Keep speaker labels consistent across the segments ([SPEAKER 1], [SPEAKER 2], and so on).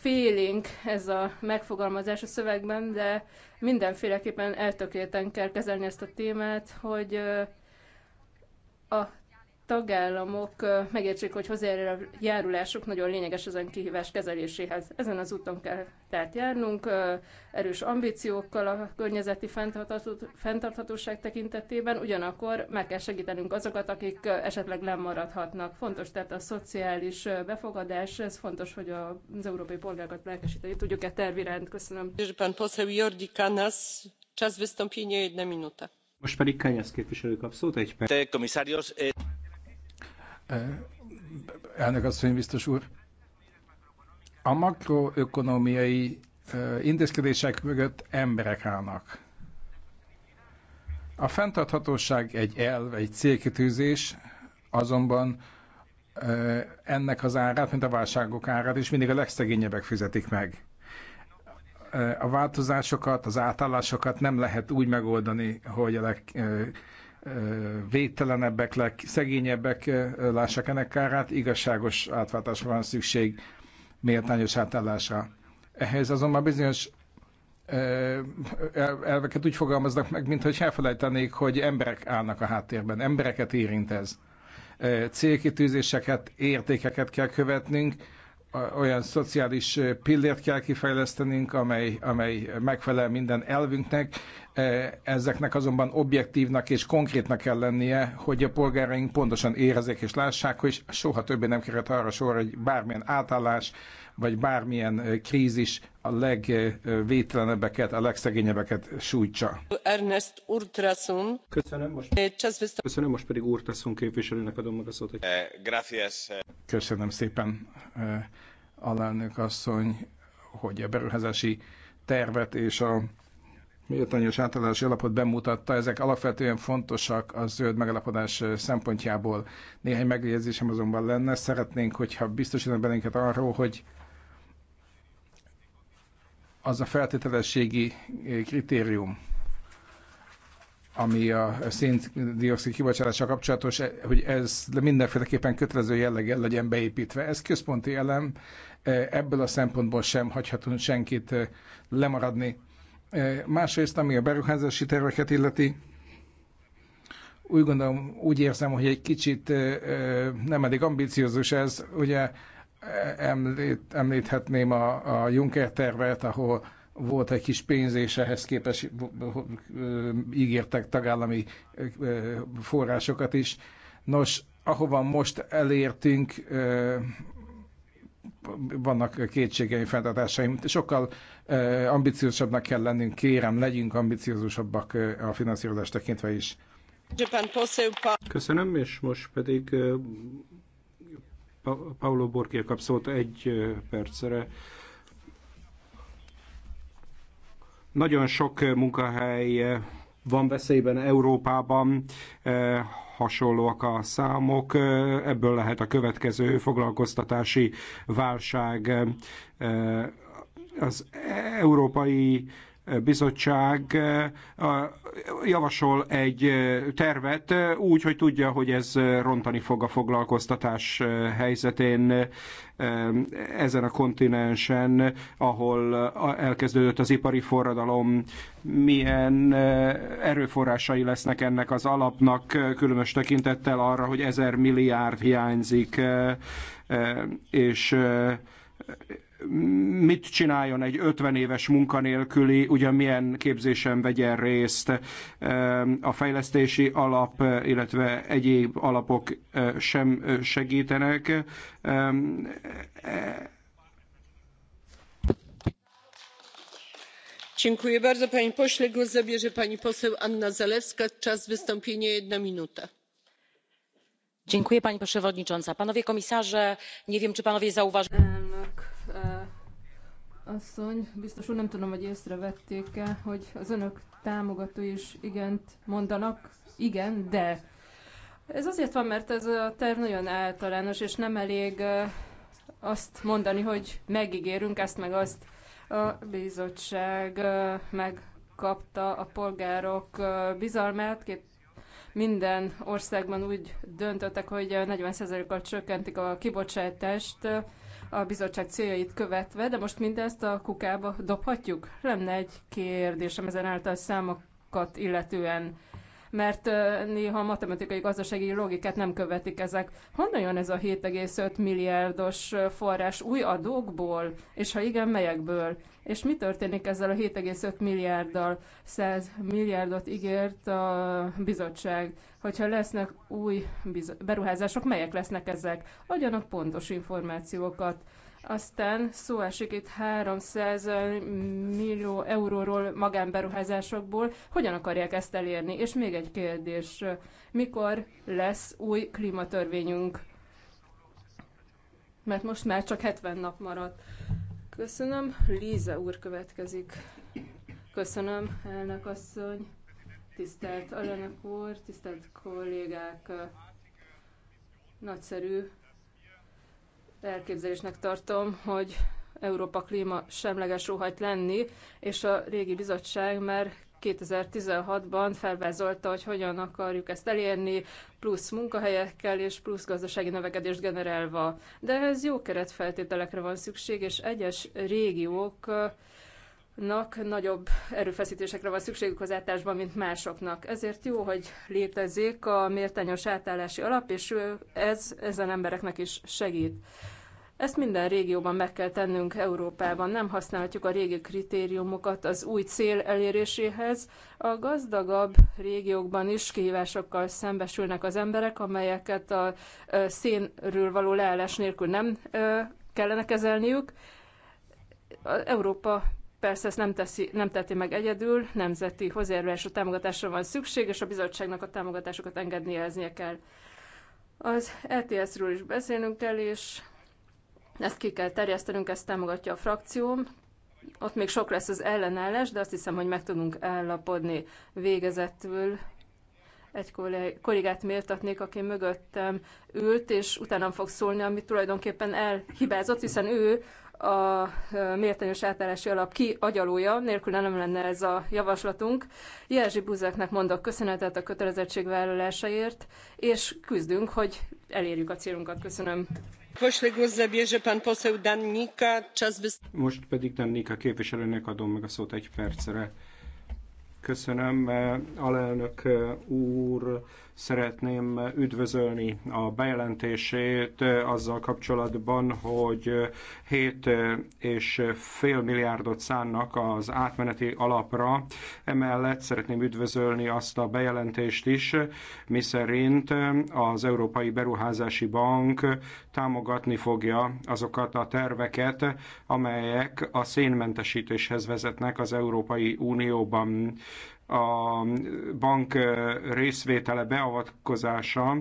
[SPEAKER 1] félénk ez a megfogalmazás a szövegben, de mindenféleképpen eltökélten kell kezelni ezt a témát, hogy a tagállamok megértsék, hogy hozzájárulásuk nagyon lényeges ezen kihívás kezeléséhez. Ezen az úton kell tehát járnunk, erős ambíciókkal a környezeti fenntarthatóság tekintetében, ugyanakkor meg kell segítenünk azokat, akik esetleg lemaradhatnak. Fontos tehát a szociális befogadás, ez fontos, hogy az európai polgárokat lelkesíteni tudjuk-e terviránt. Köszönöm.
[SPEAKER 2] Most pedig Kányász képviselő kap szót egy perc elnök asszony, biztos úr. A makroökonomiai intézkedések mögött emberek állnak. A fenntarthatóság egy elv, egy célkitűzés, azonban ennek az árát, mint a válságok árát, és mindig a legszegényebbek fizetik meg. A változásokat, az átállásokat nem lehet úgy megoldani, hogy a leg, védtelenebbek, szegényebbek lássák ennek kárát, igazságos átváltásra van szükség, méltányos átállásra. Ehhez azonban bizonyos elveket úgy fogalmaznak meg, mintha elfelejtenék, hogy emberek állnak a háttérben, embereket érint ez. Célkitűzéseket, értékeket kell követnünk, olyan szociális pillért kell kifejlesztenünk, amely, amely megfelel minden elvünknek, E, ezeknek azonban objektívnak és konkrétnak kell lennie, hogy a polgáraink pontosan érezzék és lássák, hogy soha többé nem kerülhet arra sor, hogy bármilyen átállás vagy bármilyen e, krízis a legvételenebbeket, a legszegényebbeket sújtsa.
[SPEAKER 3] Ernest Urtasun.
[SPEAKER 2] Köszönöm most. Köszönöm most pedig Urtasun
[SPEAKER 3] képviselőnek
[SPEAKER 4] adom meg a szót. Hogy... E,
[SPEAKER 2] Köszönöm szépen, alelnök asszony, hogy a beruházási tervet és a méltányos átadási alapot bemutatta, ezek alapvetően fontosak a zöld megalapodás szempontjából. Néhány megjegyzésem azonban lenne, szeretnénk, hogyha biztosítanak bennünket arról, hogy az a feltételességi kritérium, ami a széndiokszid kibocsátással kapcsolatos, hogy ez mindenféleképpen kötelező jelleggel legyen beépítve. Ez központi elem, ebből a szempontból sem hagyhatunk senkit lemaradni Másrészt, ami a beruházási terveket illeti, úgy gondolom, úgy érzem, hogy egy kicsit nem eddig ambiciózus ez. Ugye említ, említhetném a, a Juncker tervet, ahol volt egy kis pénz, és ehhez képest ígértek tagállami forrásokat is. Nos, ahova most elértünk, vannak kétségeim, fenntartásaim. Sokkal ambiciósabbnak kell lennünk, kérem, legyünk ambiciózusabbak a finanszírozás tekintve is. Köszönöm, és most pedig Paulo Borkia kap szót egy percre.
[SPEAKER 4] Nagyon sok munkahely van veszélyben Európában, eh, hasonlóak a számok, eh, ebből lehet a következő foglalkoztatási válság. Eh, az európai bizottság eh, javasol egy eh, tervet eh, úgy, hogy tudja, hogy ez rontani fog a foglalkoztatás helyzetén ezen a kontinensen, ahol elkezdődött az ipari forradalom, milyen erőforrásai lesznek ennek az alapnak, különös tekintettel arra, hogy ezer milliárd hiányzik, és mit csináljon egy 50 éves munkanélküli, ugye milyen képzésen vegyen részt a fejlesztési alap, illetve egyéb alapok sem segítenek. E-
[SPEAKER 3] Dziękuję bardzo panie pośle. Głos zabierze pani poseł Anna Zalewska. Czas wystąpienia jedna minuta Dziękuję pani przewodnicząca! panowie komisarze! nie wiem czy panowie zauważyli
[SPEAKER 1] asszony, biztos úr, nem tudom, hogy észrevették-e, hogy az önök támogató is igent mondanak, igen, de. Ez azért van, mert ez a terv nagyon általános, és nem elég azt mondani, hogy megígérünk ezt meg azt. A bizottság megkapta a polgárok bizalmát, két minden országban úgy döntöttek, hogy 40%-kal csökkentik a kibocsátást, a bizottság céljait követve, de most mindezt a kukába dobhatjuk? Lenne egy kérdésem ezen által számokat illetően mert néha a matematikai gazdasági logikát nem követik ezek. Honnan jön ez a 7,5 milliárdos forrás új adókból, és ha igen, melyekből? És mi történik ezzel a 7,5 milliárddal? 100 milliárdot ígért a bizottság. Hogyha lesznek új beruházások, melyek lesznek ezek? Adjanak pontos információkat. Aztán szó esik itt 300 millió euróról magánberuházásokból. Hogyan akarják ezt elérni? És még egy kérdés. Mikor lesz új klímatörvényünk? Mert most már csak 70 nap maradt. Köszönöm. Líze úr következik. Köszönöm, elnök asszony, tisztelt alelnök úr, tisztelt kollégák. Nagyszerű elképzelésnek tartom, hogy Európa klíma semleges óhajt lenni, és a régi bizottság már 2016-ban felvázolta, hogy hogyan akarjuk ezt elérni, plusz munkahelyekkel és plusz gazdasági növekedést generálva. De ez jó keretfeltételekre van szükség, és egyes régiók nak nagyobb erőfeszítésekre van szükségük az átállásban, mint másoknak. Ezért jó, hogy létezik a mértányos átállási alap, és ez ezen embereknek is segít. Ezt minden régióban meg kell tennünk Európában. Nem használhatjuk a régi kritériumokat az új cél eléréséhez. A gazdagabb régiókban is kihívásokkal szembesülnek az emberek, amelyeket a szénről való leállás nélkül nem kellene kezelniük. Európa persze ezt nem, teszi, nem teti meg egyedül, nemzeti hozzájárulásra támogatásra van szükség, és a bizottságnak a támogatásokat engedélyeznie kell. Az ETS-ről is beszélnünk kell, és ezt ki kell terjesztenünk, ezt támogatja a frakcióm. Ott még sok lesz az ellenállás, de azt hiszem, hogy meg tudunk állapodni végezetül. Egy kollégát méltatnék, aki mögöttem ült, és utána fog szólni, amit tulajdonképpen elhibázott, hiszen ő a méltányos átállási alap kiagyalója, nélkül nem lenne ez a javaslatunk. Jelzsi Buzeknek mondok köszönetet a kötelezettségvállalásaért, és küzdünk, hogy elérjük a célunkat. Köszönöm.
[SPEAKER 4] Most pedig Dannika képviselőnek adom meg a szót egy percre. Köszönöm, e, alelnök e, úr, Szeretném üdvözölni a bejelentését azzal kapcsolatban, hogy 7 és fél milliárdot szánnak az átmeneti alapra. Emellett szeretném üdvözölni azt a bejelentést is, miszerint az Európai Beruházási Bank támogatni fogja azokat a terveket, amelyek a szénmentesítéshez vezetnek az Európai Unióban a bank részvétele, beavatkozása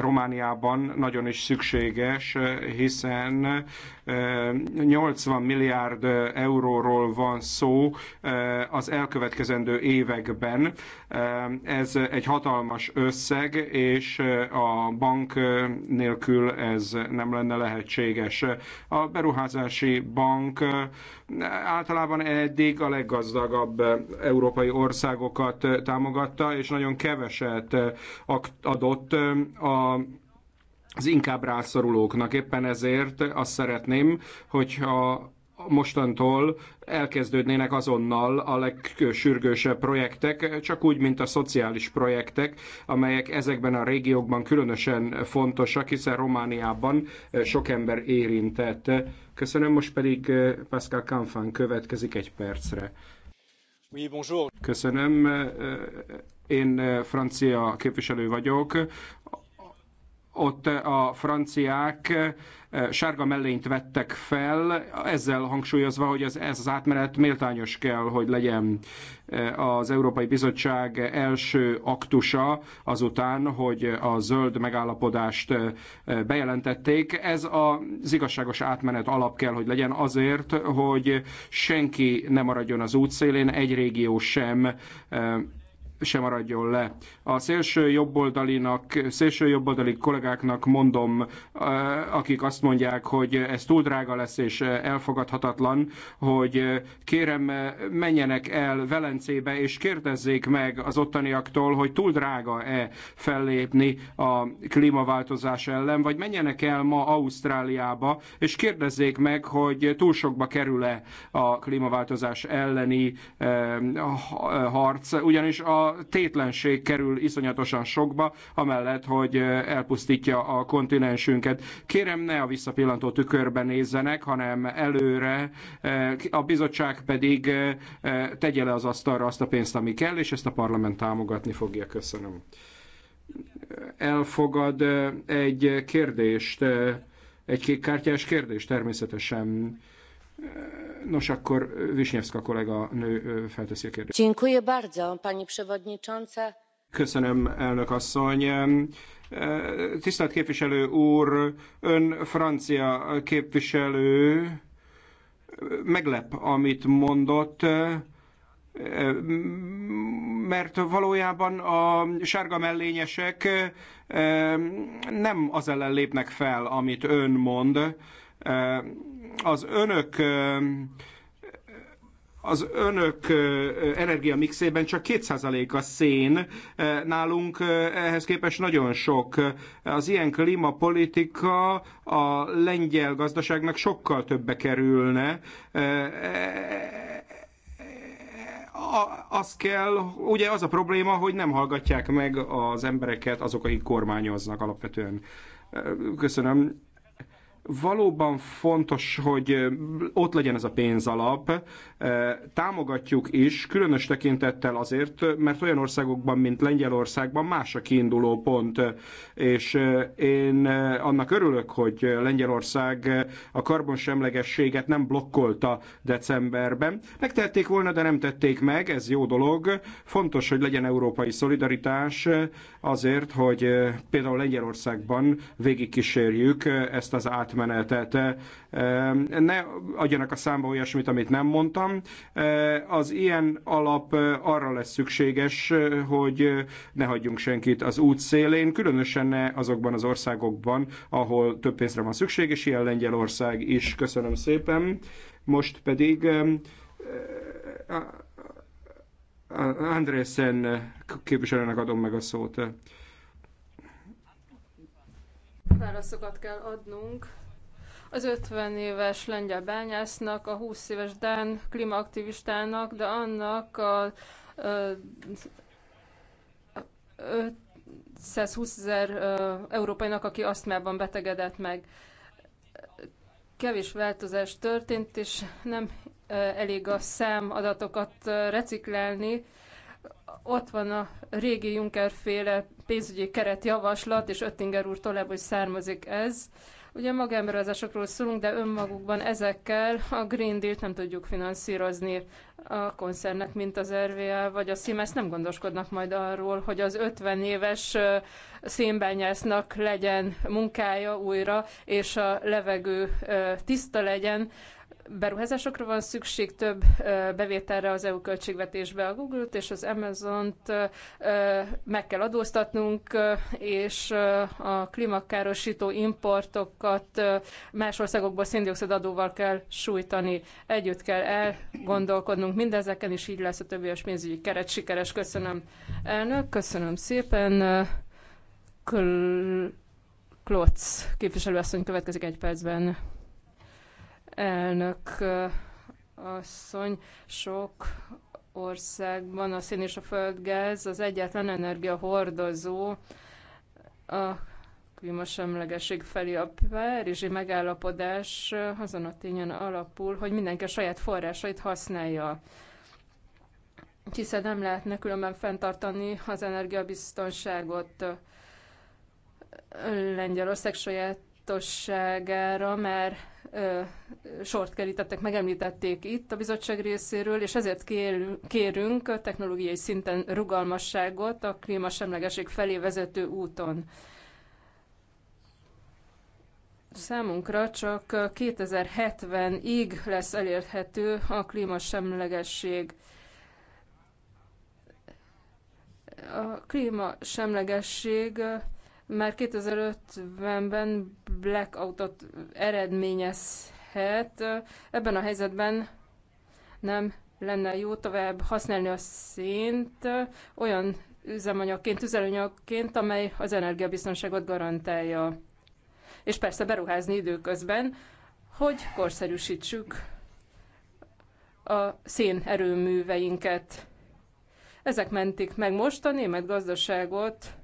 [SPEAKER 4] Romániában nagyon is szükséges, hiszen 80 milliárd euróról van szó az elkövetkezendő években. Ez egy hatalmas összeg, és a bank nélkül ez nem lenne lehetséges. A beruházási bank általában eddig a leggazdagabb európai országokat támogatta, és nagyon keveset adott a az inkább rászorulóknak. Éppen ezért azt szeretném, hogyha mostantól elkezdődnének azonnal a legsürgősebb projektek, csak úgy, mint a szociális projektek, amelyek ezekben a régiókban különösen fontosak, hiszen Romániában sok ember érintett. Köszönöm, most pedig eh, Pascal Canfán következik egy percre. bonjour. Köszönöm, eh, én eh, francia képviselő vagyok ott a franciák eh, sárga mellényt vettek fel, ezzel hangsúlyozva, hogy ez, ez az átmenet méltányos kell, hogy legyen eh, az Európai Bizottság első aktusa azután, hogy a zöld megállapodást eh, bejelentették. Ez az igazságos átmenet alap kell, hogy legyen azért, hogy senki ne maradjon az útszélén, egy régió sem se maradjon le. A szélső jobboldalinak, szélső jobboldali kollégáknak mondom, eh, akik azt mondják, hogy ez túl drága lesz és eh, elfogadhatatlan, hogy eh, kérem menjenek el Velencébe és kérdezzék meg az ottaniaktól, hogy túl drága-e fellépni a klímaváltozás ellen, vagy menjenek el ma Ausztráliába és kérdezzék meg, hogy túl sokba kerül-e a klímaváltozás elleni harc, ugyanis a a tétlenség kerül iszonyatosan sokba, amellett, hogy elpusztítja a kontinensünket. Kérem, ne a visszapillantó tükörbe nézzenek, hanem előre, a bizottság pedig tegye le az asztalra azt a pénzt, ami kell, és ezt a parlament támogatni fogja. Köszönöm. Elfogad egy kérdést, egy kékkártyás kérdést természetesen. Nos, akkor Wisniewska kollega nő felteszi a kérdést.
[SPEAKER 3] Dziękuję bardzo, pani przewodnicząca.
[SPEAKER 4] Köszönöm, elnök asszony. Tisztelt képviselő úr, ön francia képviselő, meglep, amit mondott, mert valójában a sárga mellényesek nem az ellen lépnek fel, amit ön mond, az önök az önök energiamixében csak 2% a szén, nálunk ehhez képest nagyon sok. Az ilyen klímapolitika a lengyel gazdaságnak sokkal többe kerülne. E, az kell, ugye az a probléma, hogy nem hallgatják meg az embereket azok, akik kormányoznak alapvetően. Köszönöm valóban fontos, hogy ott legyen ez a pénzalap. Támogatjuk is, különös tekintettel azért, mert olyan országokban, mint Lengyelországban más a kiinduló pont, és én annak örülök, hogy Lengyelország a karbonsemlegességet nem blokkolta decemberben. Megtették volna, de nem tették meg, ez jó dolog. Fontos, hogy legyen európai szolidaritás azért, hogy például Lengyelországban végigkísérjük ezt az át átmenetet. Ne adjanak a számba olyasmit, amit nem mondtam. Az ilyen alap arra lesz szükséges, hogy ne hagyjunk senkit az út szélén, különösen ne azokban az országokban, ahol több pénzre van szükség, és ilyen Lengyelország is. Köszönöm szépen. Most pedig Andrészen képviselőnek adom meg a szót.
[SPEAKER 1] Válaszokat kell adnunk az 50 éves lengyel bányásznak, a 20 éves dán klímaaktivistának, de annak a, a 520 ezer európainak, aki asztmában betegedett meg. Kevés változás történt, és nem elég a számadatokat reciklálni. Ott van a régi Juncker féle pénzügyi keretjavaslat, és Öttinger úr ebből származik ez. Ugye magánberuházásokról szólunk, de önmagukban ezekkel a Green Deal-t nem tudjuk finanszírozni. A koncernek, mint az RVA vagy a Siemens nem gondoskodnak majd arról, hogy az 50 éves szénbányásznak legyen munkája újra, és a levegő tiszta legyen beruházásokra van szükség, több bevételre az EU költségvetésbe a Google-t és az Amazon-t meg kell adóztatnunk, és a klímakárosító importokat más országokból széndiokszid adóval kell sújtani. Együtt kell elgondolkodnunk mindezeken, és így lesz a többi pénzügyi keret sikeres. Köszönöm, elnök, köszönöm szépen. Klotz képviselőasszony következik egy percben elnök asszony, sok országban a szén és a földgáz az egyetlen energiahordozó a klímasemlegesség felé a párizsi megállapodás azon a tényen alapul, hogy mindenki a saját forrásait használja hiszen nem lehetne különben fenntartani az energiabiztonságot Lengyelország sajátosságára, mert sort kerítettek, megemlítették itt a bizottság részéről, és ezért kérünk technológiai szinten rugalmasságot a klímasemlegeség felé vezető úton. Számunkra csak 2070-ig lesz elérhető a klímasemlegesség. A klímasemlegesség már 2050-ben blackoutot eredményezhet. Ebben a helyzetben nem lenne jó tovább használni a szint. olyan üzemanyagként, üzemanyagként, amely az energiabiztonságot garantálja. És persze beruházni időközben, hogy korszerűsítsük a szén erőműveinket. Ezek mentik meg most a német gazdaságot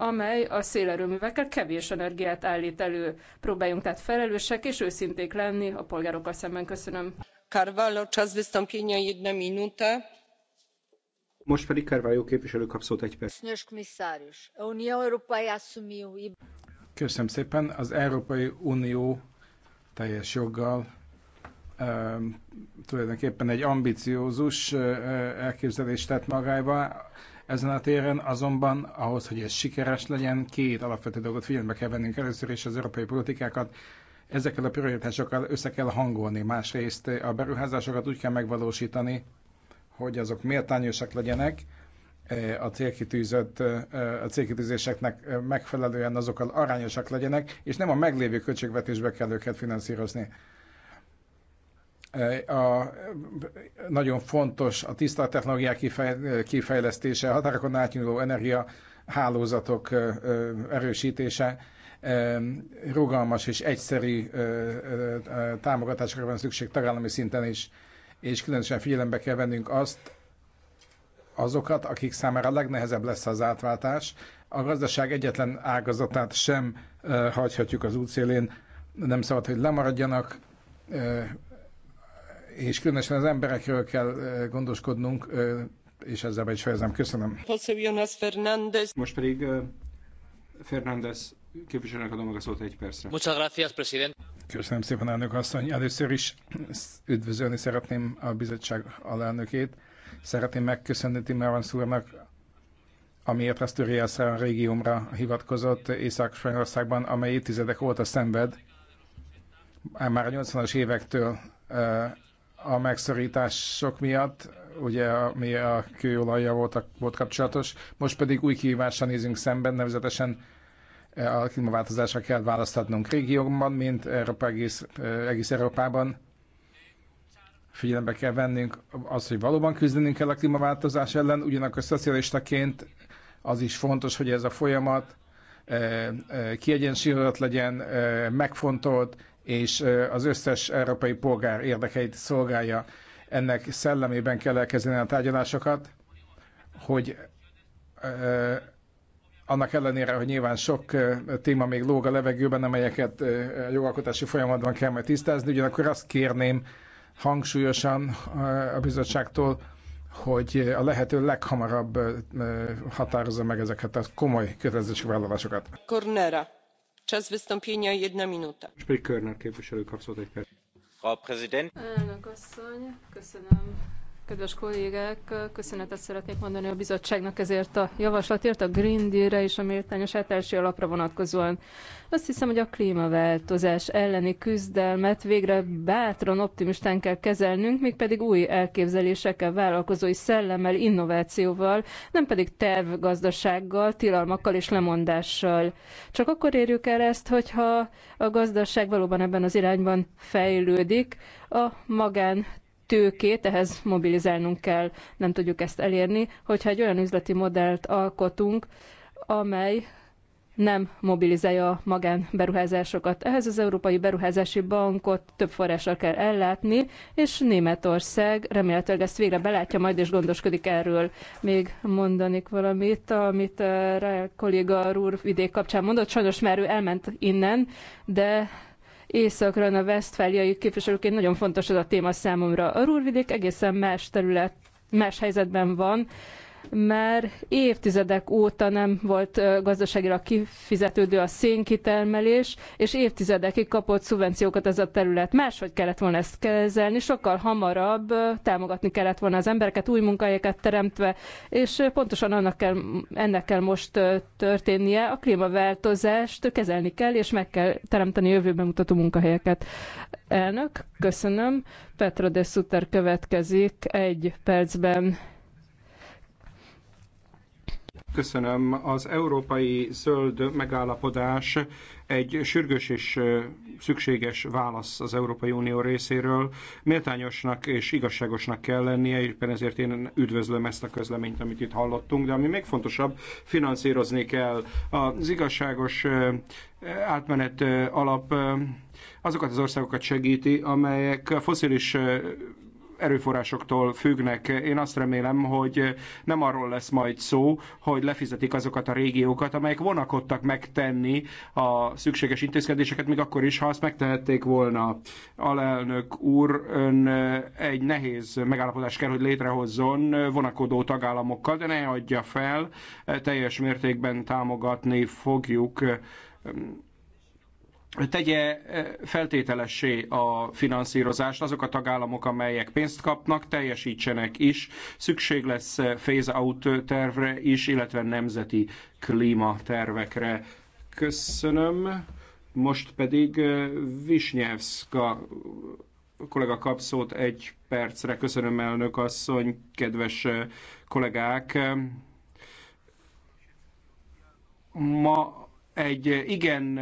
[SPEAKER 1] amely a szélerőművekkel kevés energiát állít elő. Próbáljunk tehát felelősek és őszinték lenni a polgárokkal szemben. Köszönöm. Carvalho, czas wystąpienia jedna minuta.
[SPEAKER 2] Most pedig Carvalho képviselő kap szót egy perc. Köszönöm szépen. Az Európai Unió teljes joggal tulajdonképpen egy ambiciózus elképzelést tett magába. Ezen a téren azonban ahhoz, hogy ez sikeres legyen, két alapvető dolgot figyelme kell vennünk először is az európai politikákat, ezekkel a prioritásokkal össze kell hangolni. Másrészt a beruházásokat úgy kell megvalósítani, hogy azok méltányosak legyenek, e, a célkitűzött, e, a célkitűzéseknek megfelelően azokkal arányosak legyenek, és nem a meglévő költségvetésbe kell őket finanszírozni a, nagyon fontos a tiszta technológiák kifej, kifejlesztése, határokon átnyúló energia hálózatok erősítése, rugalmas és egyszerű támogatásokra van szükség tagállami szinten is, és különösen figyelembe kell vennünk azt, azokat, akik számára legnehezebb lesz az átváltás. A gazdaság egyetlen ágazatát sem hagyhatjuk az útszélén, nem szabad, hogy lemaradjanak, és különösen az emberekről kell gondoskodnunk, és ezzel be is fejezem. Köszönöm.
[SPEAKER 3] Most pedig
[SPEAKER 4] Fernández képviselőnek adom meg a szót egy percre. Muchas gracias, president.
[SPEAKER 2] Köszönöm szépen, elnök asszony. Először is üdvözölni szeretném a bizottság alelnökét. Szeretném megköszönni Timmermans úrnak, amiért Asturiasra a régiómra hivatkozott Észak-Spanyolországban, amely évtizedek óta szenved, már a 80-as évektől a megszorítások miatt, ugye ami a kőolajja volt, volt kapcsolatos, most pedig új kihívással nézünk szemben, nevezetesen e, a klímaváltozásra kell választatnunk régiókban, mint Európa egész, e, egész Európában. Figyelembe kell vennünk az, hogy valóban küzdenünk kell a klímaváltozás ellen, ugyanakkor szocialistaként az is fontos, hogy ez a folyamat e, kiegyensúlyozott legyen, megfontolt, és az összes európai polgár érdekeit szolgálja. Ennek szellemében kell elkezdeni a tárgyalásokat, hogy annak ellenére, hogy nyilván sok téma még lóg a levegőben, amelyeket a jogalkotási folyamatban kell majd tisztázni, ugyanakkor azt kérném hangsúlyosan a bizottságtól, hogy a lehető leghamarabb határozza meg ezeket a komoly kötelezettségvállalásokat.
[SPEAKER 3] Cornera. Czas wystąpienia jedna minuta.
[SPEAKER 2] Sprich Körner képviselő kapszott egy perc.
[SPEAKER 5] Frau Präsident.
[SPEAKER 1] Elnök asszony, köszönöm Kedves kollégák, köszönetet szeretnék mondani a bizottságnak ezért a javaslatért, a Green Deal-re és a méltányos átállási alapra vonatkozóan. Azt hiszem, hogy a klímaváltozás elleni küzdelmet végre bátran, optimistán kell kezelnünk, mégpedig új elképzelésekkel, vállalkozói szellemmel, innovációval, nem pedig tervgazdasággal, tilalmakkal és lemondással. Csak akkor érjük el ezt, hogyha a gazdaság valóban ebben az irányban fejlődik, a magán tőkét, ehhez mobilizálnunk kell, nem tudjuk ezt elérni, hogyha egy olyan üzleti modellt alkotunk, amely nem mobilizálja a magánberuházásokat. Ehhez az Európai Beruházási Bankot több forrással kell ellátni, és Németország remélhetőleg ezt végre belátja majd, és gondoskodik erről. Még mondanék valamit, amit eh, a kolléga úr vidék kapcsán mondott, sajnos már ő elment innen, de Északról a Westfáliai képviselőként nagyon fontos ez a téma számomra. A Rúrvidék egészen más terület, más helyzetben van, már évtizedek óta nem volt gazdaságilag kifizetődő a szénkitermelés, és évtizedekig kapott szubvenciókat ez a terület. Máshogy kellett volna ezt kezelni, sokkal hamarabb támogatni kellett volna az embereket, új munkahelyeket teremtve, és pontosan annak kell, ennek kell most történnie. A klímaváltozást kezelni kell, és meg kell teremteni jövőben mutató munkahelyeket. Elnök, köszönöm. Petra de Sutter következik egy percben.
[SPEAKER 4] Köszönöm. Az európai zöld megállapodás egy sürgős és szükséges válasz az Európai Unió részéről. Méltányosnak és igazságosnak kell lennie, éppen ezért én üdvözlöm ezt a közleményt, amit itt hallottunk, de ami még fontosabb, finanszírozni kell az igazságos átmenet alap azokat az országokat segíti, amelyek foszilis erőforrásoktól függnek. Én azt remélem, hogy nem arról lesz majd szó, hogy lefizetik azokat a régiókat, amelyek vonakodtak megtenni a szükséges intézkedéseket, még akkor is, ha azt megtehették volna. Alelnök úr, ön egy nehéz megállapodás kell, hogy létrehozzon vonakodó tagállamokkal, de ne adja fel, teljes mértékben támogatni fogjuk tegye eh, feltételessé a finanszírozást, azok a tagállamok, amelyek pénzt kapnak, teljesítsenek is. Szükség lesz eh, phase-out tervre is, illetve nemzeti klímatervekre. Köszönöm. Most pedig Visnyevska eh, kollega kap szót egy percre. Köszönöm, elnök asszony, kedves kollégák. Ma egy igen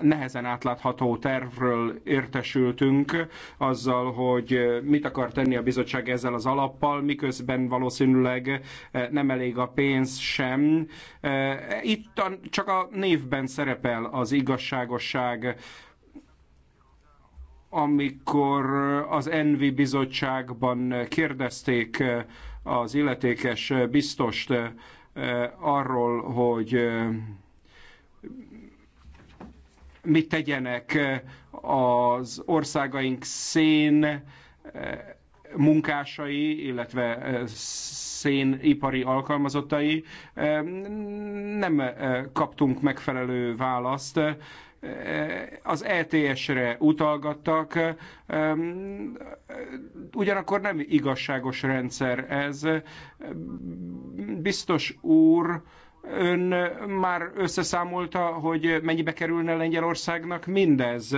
[SPEAKER 4] nehezen átlátható tervről értesültünk azzal, hogy mit akar tenni a bizottság ezzel az alappal, miközben valószínűleg eh, nem elég a pénz sem. Eh, itt csak a névben szerepel az igazságosság, amikor az Envi bizottságban kérdezték eh, az illetékes biztost arról, hogy mit tegyenek eh, az országaink szén eh, munkásai, illetve eh, szénipari alkalmazottai. Nem kaptunk megfelelő választ. Az ETS-re utalgattak, ugyanakkor nem igazságos rendszer ez. Biztos úr, Ön már összeszámolta, hogy mennyibe kerülne Lengyelországnak mindez?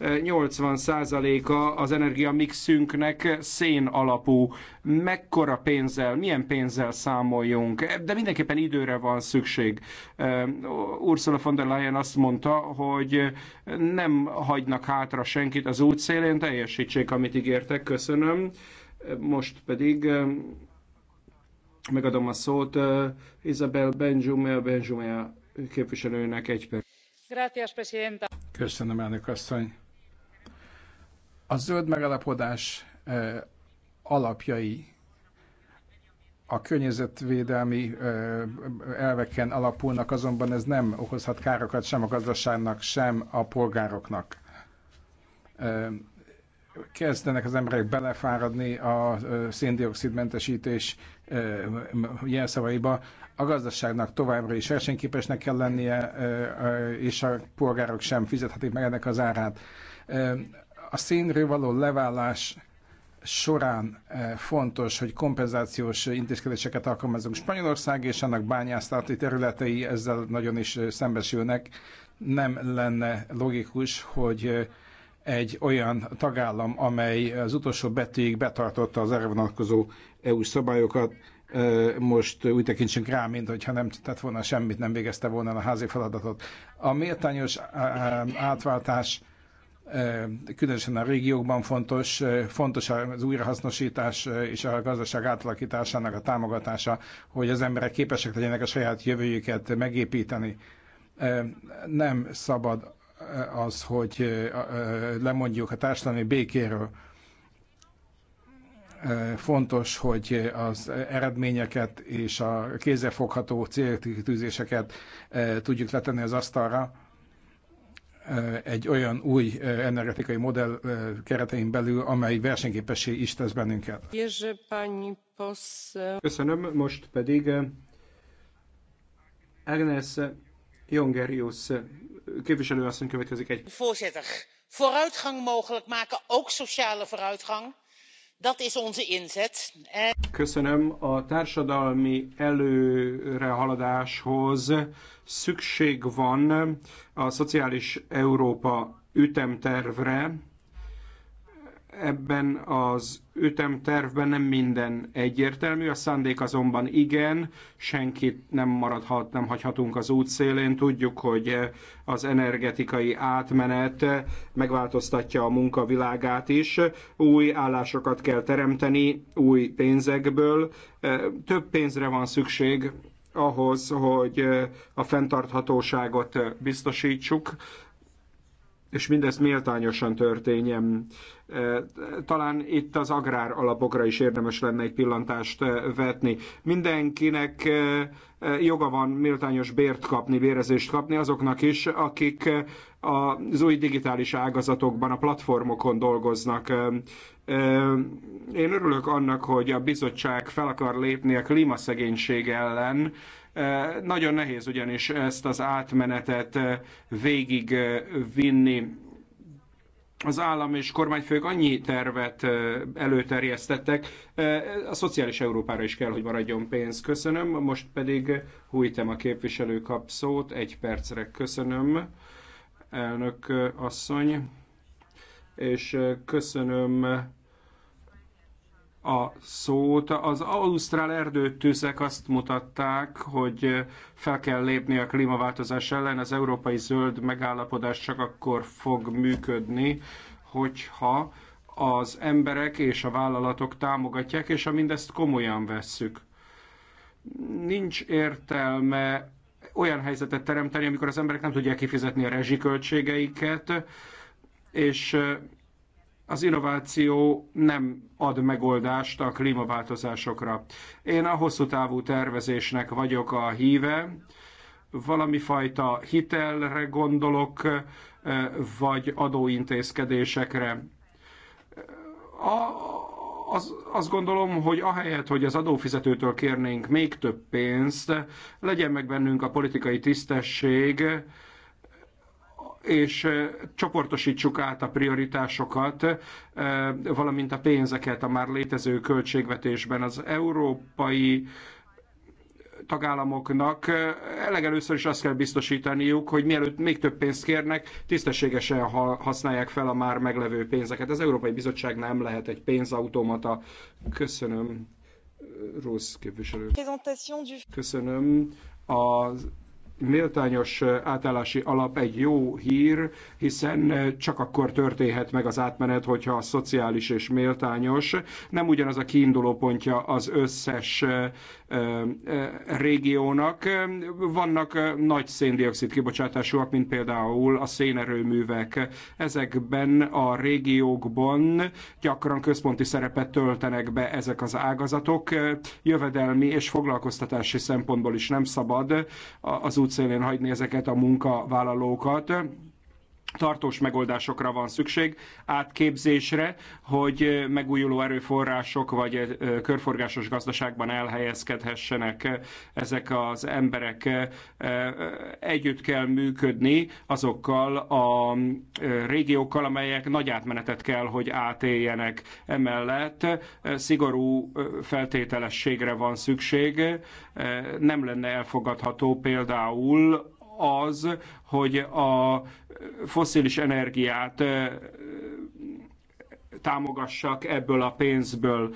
[SPEAKER 4] 80%-a az energiamixünknek szén alapú. Mekkora pénzzel, milyen pénzzel számoljunk? De mindenképpen időre van szükség. Ursula von der Leyen azt mondta, hogy nem hagynak hátra senkit az útszélén, teljesítsék, amit ígértek. Köszönöm. Most pedig Megadom a szót Isabel Benjumea, Benjumea képviselőnek
[SPEAKER 2] egy perc. Köszönöm, elnök asszony. A zöld megalapodás alapjai a környezetvédelmi elveken alapulnak, azonban ez nem okozhat károkat sem a gazdaságnak, sem a polgároknak kezdenek az emberek belefáradni a széndiokszidmentesítés jelszavaiba. A gazdaságnak továbbra is versenyképesnek kell lennie, és a polgárok sem fizethetik meg ennek az árát. A szénről való leválás során fontos, hogy kompenzációs intézkedéseket alkalmazunk. Spanyolország és annak bányászati területei ezzel nagyon is szembesülnek. Nem lenne logikus, hogy egy olyan tagállam, amely az utolsó betűig betartotta az erre vonatkozó eu szabályokat, most úgy tekintsünk rá, mint hogyha nem tett volna semmit, nem végezte volna a házi feladatot. A méltányos átváltás különösen a régiókban fontos, fontos az újrahasznosítás és a gazdaság átalakításának a támogatása, hogy az emberek képesek legyenek a saját jövőjüket megépíteni. Nem szabad az, hogy lemondjuk a társadalmi békéről. Fontos, hogy az eredményeket és a kézefogható célkitűzéseket tudjuk letenni az asztalra egy olyan új energetikai modell keretein belül, amely versenyképessé is tesz bennünket. Köszönöm, most pedig Agnes
[SPEAKER 4] Jongerius képviselő asszony következik egy.
[SPEAKER 2] Voorzitter, vooruitgang mogelijk maken,
[SPEAKER 4] ook sociale vooruitgang. Dat is onze inzet. En... Köszönöm. A társadalmi előrehaladáshoz szükség van a szociális Európa ütemtervre, ebben az ütemtervben nem minden egyértelmű, a szándék azonban igen, senkit nem maradhat, nem hagyhatunk az útszélén, tudjuk, hogy az energetikai átmenet megváltoztatja a munkavilágát is, új állásokat kell teremteni, új pénzekből, több pénzre van szükség ahhoz, hogy a fenntarthatóságot biztosítsuk, és mindez méltányosan történjen. E, talán itt az agrár alapokra is érdemes lenne egy pillantást e, vetni. Mindenkinek e, joga van méltányos bért kapni, bérezést kapni, azoknak is, akik az új digitális ágazatokban, a platformokon dolgoznak. Én örülök annak, hogy a bizottság fel akar lépni a klímaszegénység ellen. Nagyon nehéz ugyanis ezt az átmenetet végig vinni az állam és kormányfők annyi tervet előterjesztettek, a szociális Európára is kell, hogy maradjon pénz. Köszönöm, most pedig Hújtem a képviselő kap szót, egy percre köszönöm elnök asszony, és köszönöm a szót. Az ausztrál erdőtűzek azt mutatták, hogy fel kell lépni a klímaváltozás ellen. Az európai zöld megállapodás csak akkor fog működni, hogyha az emberek és a vállalatok támogatják, és ha mindezt komolyan vesszük. Nincs értelme olyan helyzetet teremteni, amikor az emberek nem tudják kifizetni a rezsiköltségeiket, és az innováció nem ad megoldást a klímaváltozásokra. Én a hosszú távú tervezésnek vagyok a híve, valami fajta hitelre gondolok, vagy adóintézkedésekre. A, az, azt gondolom, hogy ahelyett, hogy az adófizetőtől kérnénk még több pénzt, legyen meg bennünk a politikai tisztesség, és eh, csoportosítsuk át a prioritásokat, eh, valamint a pénzeket a már létező költségvetésben. Az európai tagállamoknak eh, legelőször is azt kell biztosítaniuk, hogy mielőtt még több pénzt kérnek, tisztességesen használják fel a már meglevő pénzeket. Az Európai Bizottság nem lehet egy pénzautomata. Köszönöm, Rossz képviselő. Köszönöm. A méltányos átállási alap egy jó hír, hiszen csak akkor történhet meg az átmenet, hogyha a szociális és méltányos. Nem ugyanaz a kiinduló pontja az összes régiónak. Vannak nagy széndiokszid kibocsátásúak, mint például a szénerőművek. Ezekben a régiókban gyakran központi szerepet töltenek be ezek az ágazatok. Jövedelmi és foglalkoztatási szempontból is nem szabad az útszélén hagyni ezeket a munkavállalókat tartós megoldásokra van szükség, átképzésre, hogy megújuló erőforrások vagy körforgásos gazdaságban elhelyezkedhessenek ezek az emberek. Együtt kell működni azokkal a régiókkal, amelyek nagy átmenetet kell, hogy átéljenek. Emellett szigorú feltételességre van szükség. Nem lenne elfogadható például az, hogy a foszilis energiát támogassak ebből a pénzből.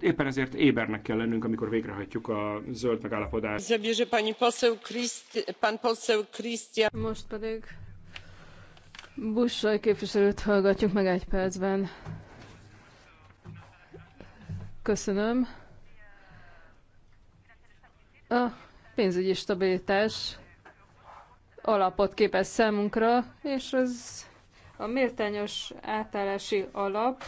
[SPEAKER 4] Éppen ezért ébernek kell lennünk, amikor
[SPEAKER 3] végrehajtjuk a zöld megállapodást. pani poseł Christ, pan poseł Christian.
[SPEAKER 1] Most pedig Bussaj képviselőt hallgatjuk meg egy percben. Köszönöm. A pénzügyi stabilitás alapot képez számunkra, és az a méltányos átállási alap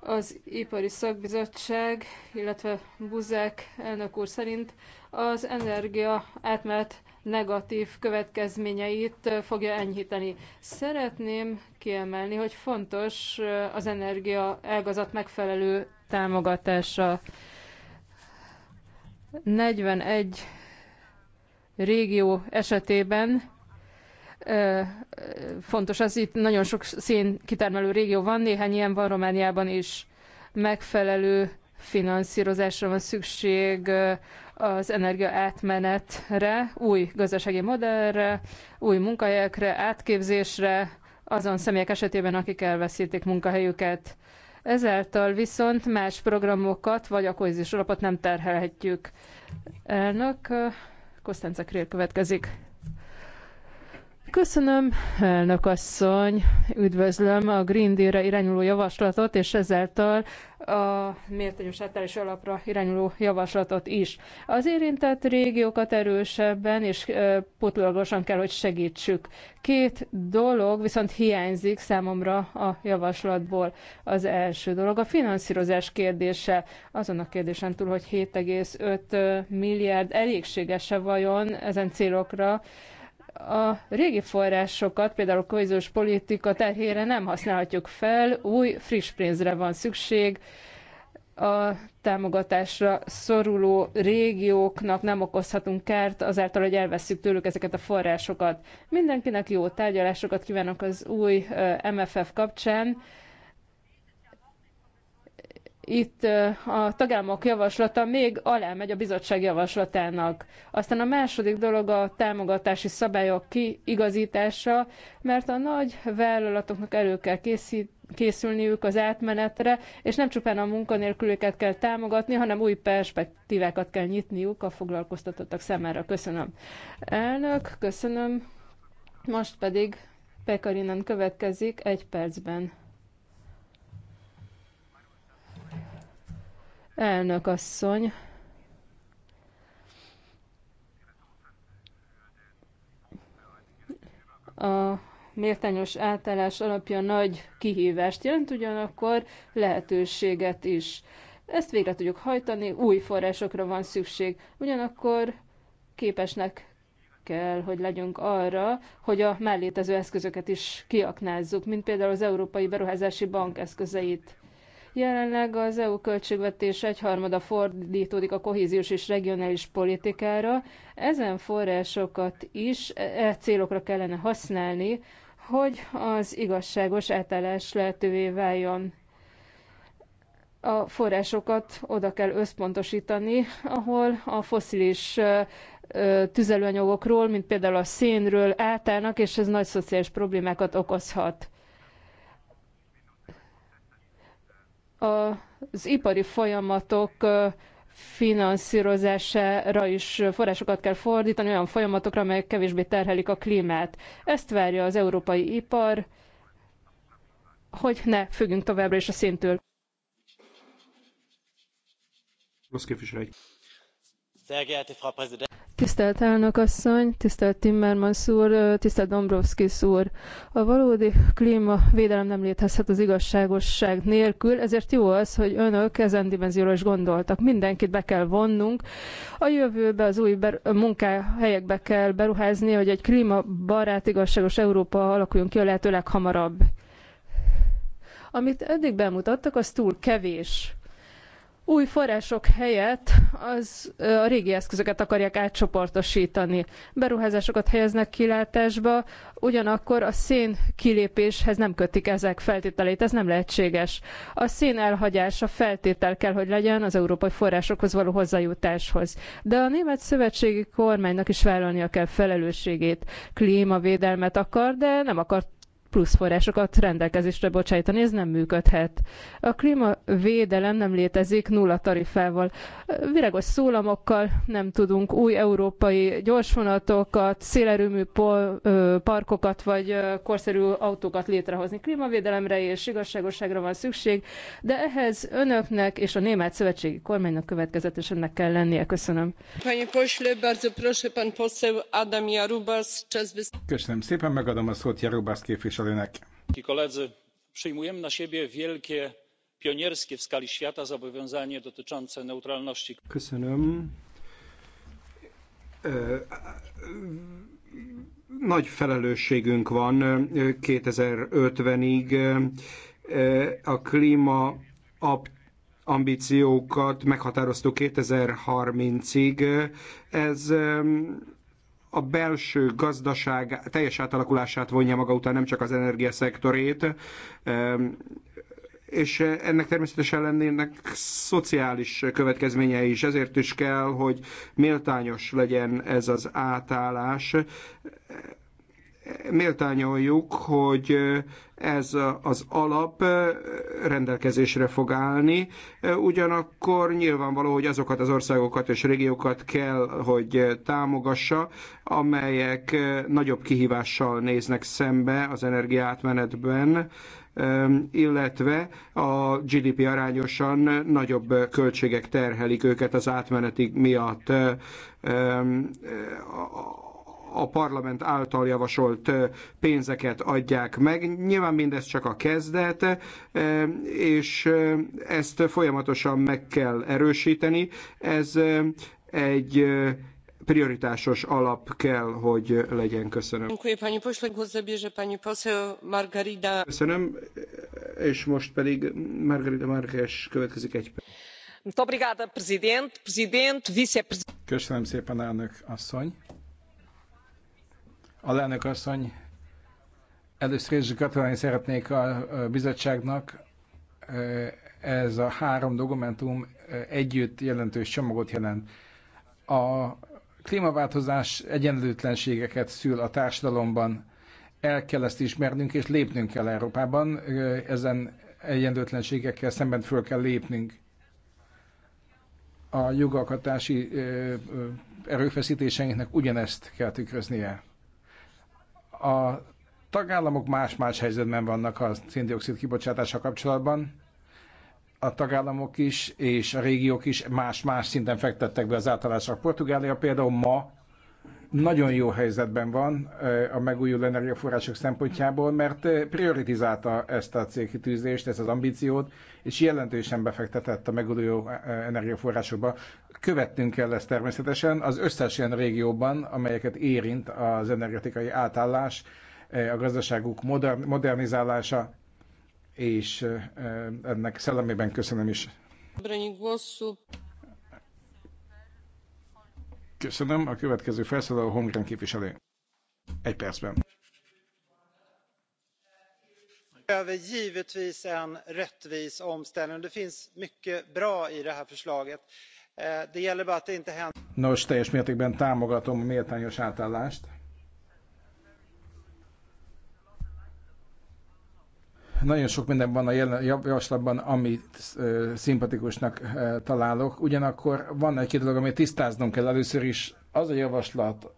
[SPEAKER 1] az Ipari Szakbizottság, illetve Buzek elnök úr szerint az energia átmenet negatív következményeit fogja enyhíteni. Szeretném kiemelni, hogy fontos az energia elgazat megfelelő támogatása. 41 régió esetében fontos az, itt nagyon sok szén kitermelő régió van, néhány ilyen van Romániában is megfelelő finanszírozásra van szükség az energia átmenetre, új gazdasági modellre, új munkahelyekre, átképzésre, azon személyek esetében, akik elveszítik munkahelyüket. Ezáltal viszont más programokat vagy a kohézis alapot nem terhelhetjük. Elnök, Kosztenca Krél következik. Köszönöm, elnök asszony, üdvözlöm a Green Deal-re irányuló javaslatot, és ezáltal a méltányos átállás alapra irányuló javaslatot is. Az érintett régiókat erősebben és potlagosan kell, hogy segítsük. Két dolog viszont hiányzik számomra a javaslatból. Az első dolog a finanszírozás kérdése. Azon a kérdésen túl, hogy 7,5 milliárd elégséges-e vajon ezen célokra, a régi forrásokat, például a kohéziós politika terhére nem használhatjuk fel, új, friss pénzre van szükség, a támogatásra szoruló régióknak nem okozhatunk kárt azáltal, hogy elveszük tőlük ezeket a forrásokat. Mindenkinek jó tárgyalásokat kívánok az új MFF kapcsán itt a tagállamok javaslata még alá megy a bizottság javaslatának. Aztán a második dolog a támogatási szabályok kiigazítása, mert a nagy vállalatoknak elő kell készít, készülniük az átmenetre, és nem csupán a munkanélküliket kell támogatni, hanem új perspektívákat kell nyitniuk a foglalkoztatottak számára. Köszönöm. Elnök, köszönöm. Most pedig Pekarinen következik egy percben. Elnök asszony, a méltányos átállás alapja nagy kihívást jelent, ugyanakkor lehetőséget is. Ezt végre tudjuk hajtani, új forrásokra van szükség, ugyanakkor képesnek kell, hogy legyünk arra, hogy a mellétező eszközöket is kiaknázzuk, mint például az Európai Beruházási Bank eszközeit. Jelenleg az EU költségvetés egyharmada fordítódik a kohéziós és regionális politikára. Ezen forrásokat is e, e célokra kellene használni, hogy az igazságos átállás lehetővé váljon. A forrásokat oda kell összpontosítani, ahol a foszilis e, e, tüzelőanyagokról, mint például a szénről átállnak, és ez nagy szociális problémákat okozhat. az ipari folyamatok finanszírozására is forrásokat kell fordítani, olyan folyamatokra, amelyek kevésbé terhelik a klímát. Ezt várja az európai ipar, hogy ne függünk továbbra is a szintől. Tisztelt elnök asszony, tisztelt Timmermans úr, tisztelt Dombrovskis úr! A valódi klímavédelem nem létezhet az igazságosság nélkül, ezért jó az, hogy önök ezen dimenzióra is gondoltak. Mindenkit be kell vonnunk. A jövőbe az új munkahelyekbe kell beruházni, hogy egy klímabarát, igazságos Európa alakuljon ki a lehető leghamarabb. Amit eddig bemutattak, az túl kevés új források helyett az a régi eszközöket akarják átcsoportosítani. Beruházásokat helyeznek kilátásba, ugyanakkor a szén kilépéshez nem kötik ezek feltételeit, ez nem lehetséges. A szén elhagyása feltétel kell, hogy legyen az európai forrásokhoz való hozzájutáshoz. De a német szövetségi kormánynak is vállalnia kell felelősségét. Klímavédelmet akar, de nem akar plusz forrásokat rendelkezésre bocsájtani, ez nem működhet. A klímavédelem nem létezik nulla tarifával. Virágos szólamokkal nem tudunk új európai gyorsvonatokat, szélerőmű parkokat vagy korszerű autókat létrehozni. Klímavédelemre és igazságosságra van szükség, de ehhez önöknek és a német szövetségi kormánynak következetesennek kell lennie. Köszönöm.
[SPEAKER 2] Köszönöm szépen, megadom a szót Jarubász képviselő
[SPEAKER 3] képviselőnek. przyjmujemy na siebie wielkie pionierskie w skali świata zobowiązanie dotyczące neutralności.
[SPEAKER 2] köszönöm.
[SPEAKER 4] Nagy felelősségünk van 2050-ig a klíma ambíciókat meghatároztuk 2030-ig. Ez a belső gazdaság teljes átalakulását vonja maga után, nem csak az energiaszektorét, és ennek természetesen lennének szociális következményei is, ezért is kell, hogy méltányos legyen ez az átállás méltányoljuk, hogy ez az alap rendelkezésre fog állni, ugyanakkor nyilvánvaló, hogy azokat az országokat és régiókat kell, hogy támogassa, amelyek nagyobb kihívással néznek szembe az energiátmenetben, illetve a GDP arányosan nagyobb költségek terhelik őket az átmenetig miatt a parlament által javasolt pénzeket adják meg. Nyilván mindez csak a kezdet, és ezt folyamatosan meg kell erősíteni. Ez egy prioritásos alap kell, hogy legyen. Köszönöm. Köszönöm, és most
[SPEAKER 2] pedig Margarida Márkes következik egy perc. Köszönöm szépen, elnök asszony. Alelnök asszony, először is gratulálni szeretnék a bizottságnak. Ez a három dokumentum együtt jelentős csomagot jelent. A klímaváltozás egyenlőtlenségeket szül a társadalomban. El kell ezt ismernünk, és lépnünk kell Európában. Ezen egyenlőtlenségekkel szemben föl kell lépnünk. A jogalkotási erőfeszítéseinknek ugyanezt kell tükröznie. A tagállamok más-más helyzetben vannak a széndiokszid kibocsátása kapcsolatban. A tagállamok is és a régiók is más-más szinten fektettek be az átállásra. Portugália például ma nagyon jó helyzetben van eh, a megújuló energiaforrások szempontjából, mert eh, prioritizálta ezt a célkitűzést, ezt az ambíciót, és jelentősen befektetett a megújuló eh, energiaforrásokba. Követtünk el ezt természetesen az összes ilyen régióban, amelyeket érint az energetikai átállás, a gazdaságuk modernizálása, és ennek szellemében köszönöm is. Köszönöm. A következő felszólaló Hongren képviselő. Egy percben.
[SPEAKER 1] behöver givetvis en rättvis omställning. Det finns mycket bra i det här förslaget. Eh, det gäller bara
[SPEAKER 5] att det inte händer...
[SPEAKER 2] Nos, teljes mértékben támogatom a méltányos átállást. Nagyon sok minden van a javaslatban, amit ö, szimpatikusnak ö, találok. Ugyanakkor van egy-két dolog, amit tisztáznunk kell először is. Az a javaslat,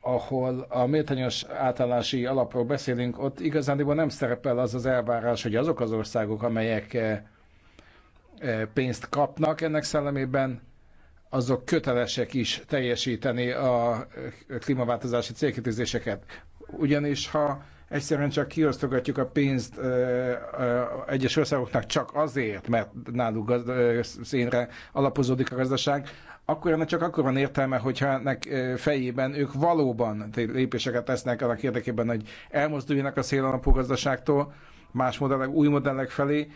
[SPEAKER 2] ahol a méltányos átállási alapról beszélünk, ott igazándiból nem szerepel az az elvárás, hogy azok az országok, amelyek pénzt kapnak ennek szellemében, azok kötelesek is teljesíteni a klímaváltozási célkitűzéseket. Ugyanis ha egyszerűen csak kiosztogatjuk a pénzt egyes országoknak csak azért, mert náluk gazda, szénre alapozódik a gazdaság, akkor ennek csak akkor van értelme, hogyha ennek fejében ők valóban lépéseket tesznek annak érdekében, hogy elmozduljanak a szélalapú gazdaságtól, más modellek, új modellek felé,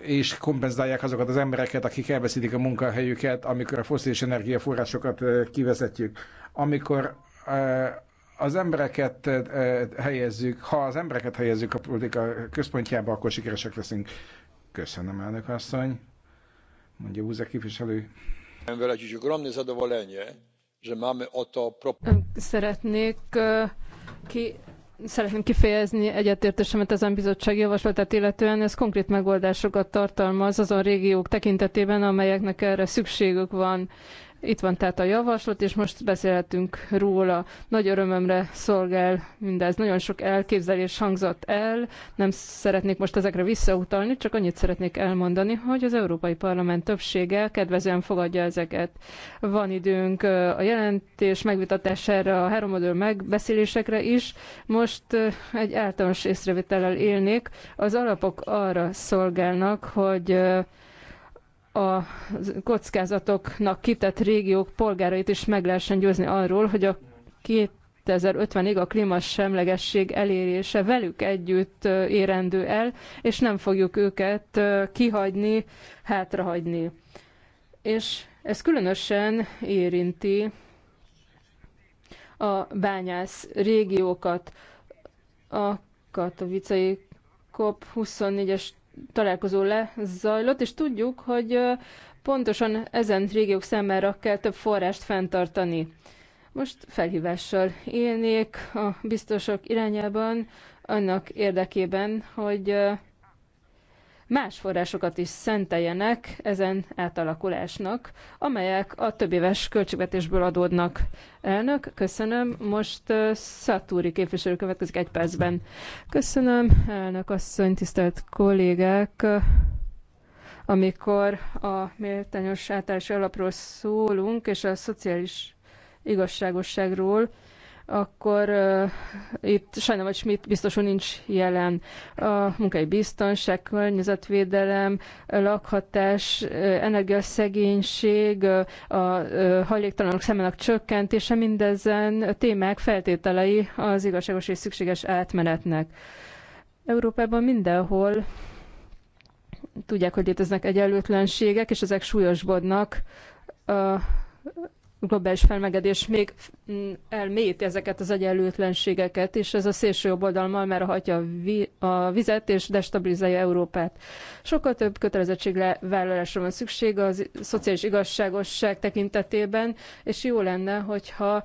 [SPEAKER 2] és kompenzálják azokat az embereket, akik elveszítik a munkahelyüket, amikor a foszilis energiaforrásokat kivezetjük. Amikor az embereket eh, eh, helyezzük, ha az embereket helyezzük a politika központjába, akkor sikeresek leszünk. Köszönöm, elnök asszony, mondja Búza képviselő.
[SPEAKER 1] Szeretnék eh, ki, szeretném kifejezni egyetértésemet ezen bizottság javaslatát illetően. Ez konkrét megoldásokat tartalmaz azon régiók tekintetében, amelyeknek erre szükségük van itt van tehát a javaslat, és most beszélhetünk róla. Nagy örömömre szolgál mindez. Nagyon sok elképzelés hangzott el, nem szeretnék most ezekre visszautalni, csak annyit szeretnék elmondani, hogy az Európai Parlament többsége kedvezően fogadja ezeket. Van időnk a jelentés megvitatására, a háromadő megbeszélésekre is. Most egy általános észrevétellel élnék. Az alapok arra szolgálnak, hogy a kockázatoknak kitett régiók polgárait is meg lehessen győzni arról, hogy a 2050-ig a klímasemlegesség elérése velük együtt érendő el, és nem fogjuk őket kihagyni, hátrahagyni. És ez különösen érinti a bányász régiókat, a katovicai COP24-es találkozó lezajlott, és tudjuk, hogy pontosan ezen régiók számára kell több forrást fenntartani. Most felhívással élnék a biztosok irányában, annak érdekében, hogy más forrásokat is szenteljenek ezen átalakulásnak, amelyek a többéves költségvetésből adódnak. Elnök, köszönöm. Most Szatúri képviselő következik egy percben. Köszönöm, elnök asszony, tisztelt kollégák amikor a méltányos átállási alapról szólunk, és a szociális igazságosságról, akkor uh, itt sajnálom, hogy Schmidt biztosan nincs jelen. A munkai biztonság, környezetvédelem, lakhatás, energiaszegénység, a hajléktalanok szemének csökkentése, mindezen témák feltételei az igazságos és szükséges átmenetnek. Európában mindenhol tudják, hogy léteznek egyenlőtlenségek, és ezek súlyosbodnak. A globális felmegedés még mm, elmélyíti ezeket az egyenlőtlenségeket, és ez a szélső jobb oldal már hagyja a vizet és destabilizálja Európát. Sokkal több vállalásra van szükség a szociális igazságosság tekintetében, és jó lenne, hogyha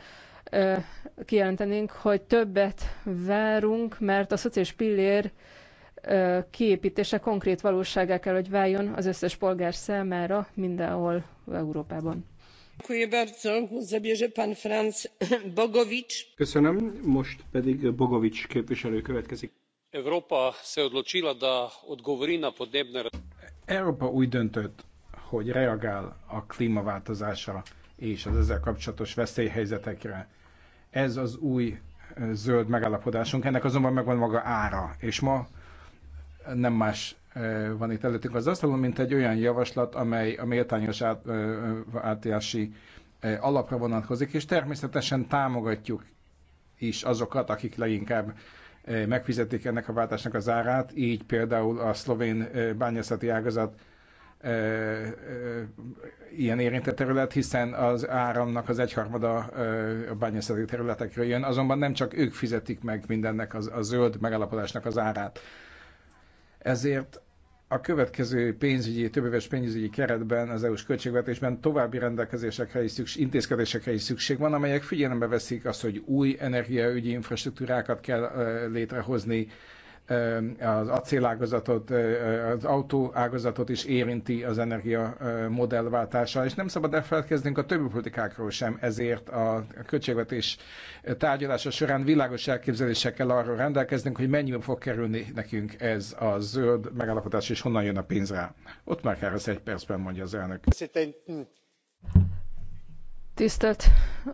[SPEAKER 1] kijelentenénk, hogy többet várunk, mert a szociális pillér kiépítése konkrét valóságá kell, hogy váljon az összes polgár számára mindenhol Európában.
[SPEAKER 4] Köszönöm, most pedig Bogovics képviselő következik.
[SPEAKER 3] Európa se odločila, da odgovori na podnebne...
[SPEAKER 2] Európa úgy döntött, hogy reagál a klímaváltozásra és az ezzel kapcsolatos veszélyhelyzetekre. Ez az új eh, zöld megállapodásunk, ennek azonban megvan maga ára, és ma nem más Eh, van itt előttünk az asztalon, mint egy olyan javaslat, amely a méltányos át, eh, alapra vonatkozik, és természetesen támogatjuk is azokat, akik leginkább eh, megfizetik ennek a váltásnak az árát, így például a szlovén bányászati ágazat ilyen érintett terület, hiszen az áramnak az egyharmada a bányászati területekről jön, azonban nem csak ők fizetik meg mindennek az, a zöld megalapodásnak az árát. Ezért a következő pénzügyi, többéves pénzügyi keretben, az EU-s költségvetésben további rendelkezésekre is szükség, intézkedésekre is szükség van, amelyek figyelembe veszik azt, hogy új energiaügyi infrastruktúrákat kell létrehozni, az acélágazatot, az autóágazatot is érinti az energia modellváltása, és nem szabad elfelelkeznünk a többi politikákról sem, ezért a költségvetés tárgyalása során világos elképzelésekkel arról rendelkeznünk, hogy mennyiben fog kerülni nekünk ez a zöld megállapodás, és honnan jön a pénz rá. Ott már Harris egy percben mondja az elnök.
[SPEAKER 1] Hmm. Tisztelt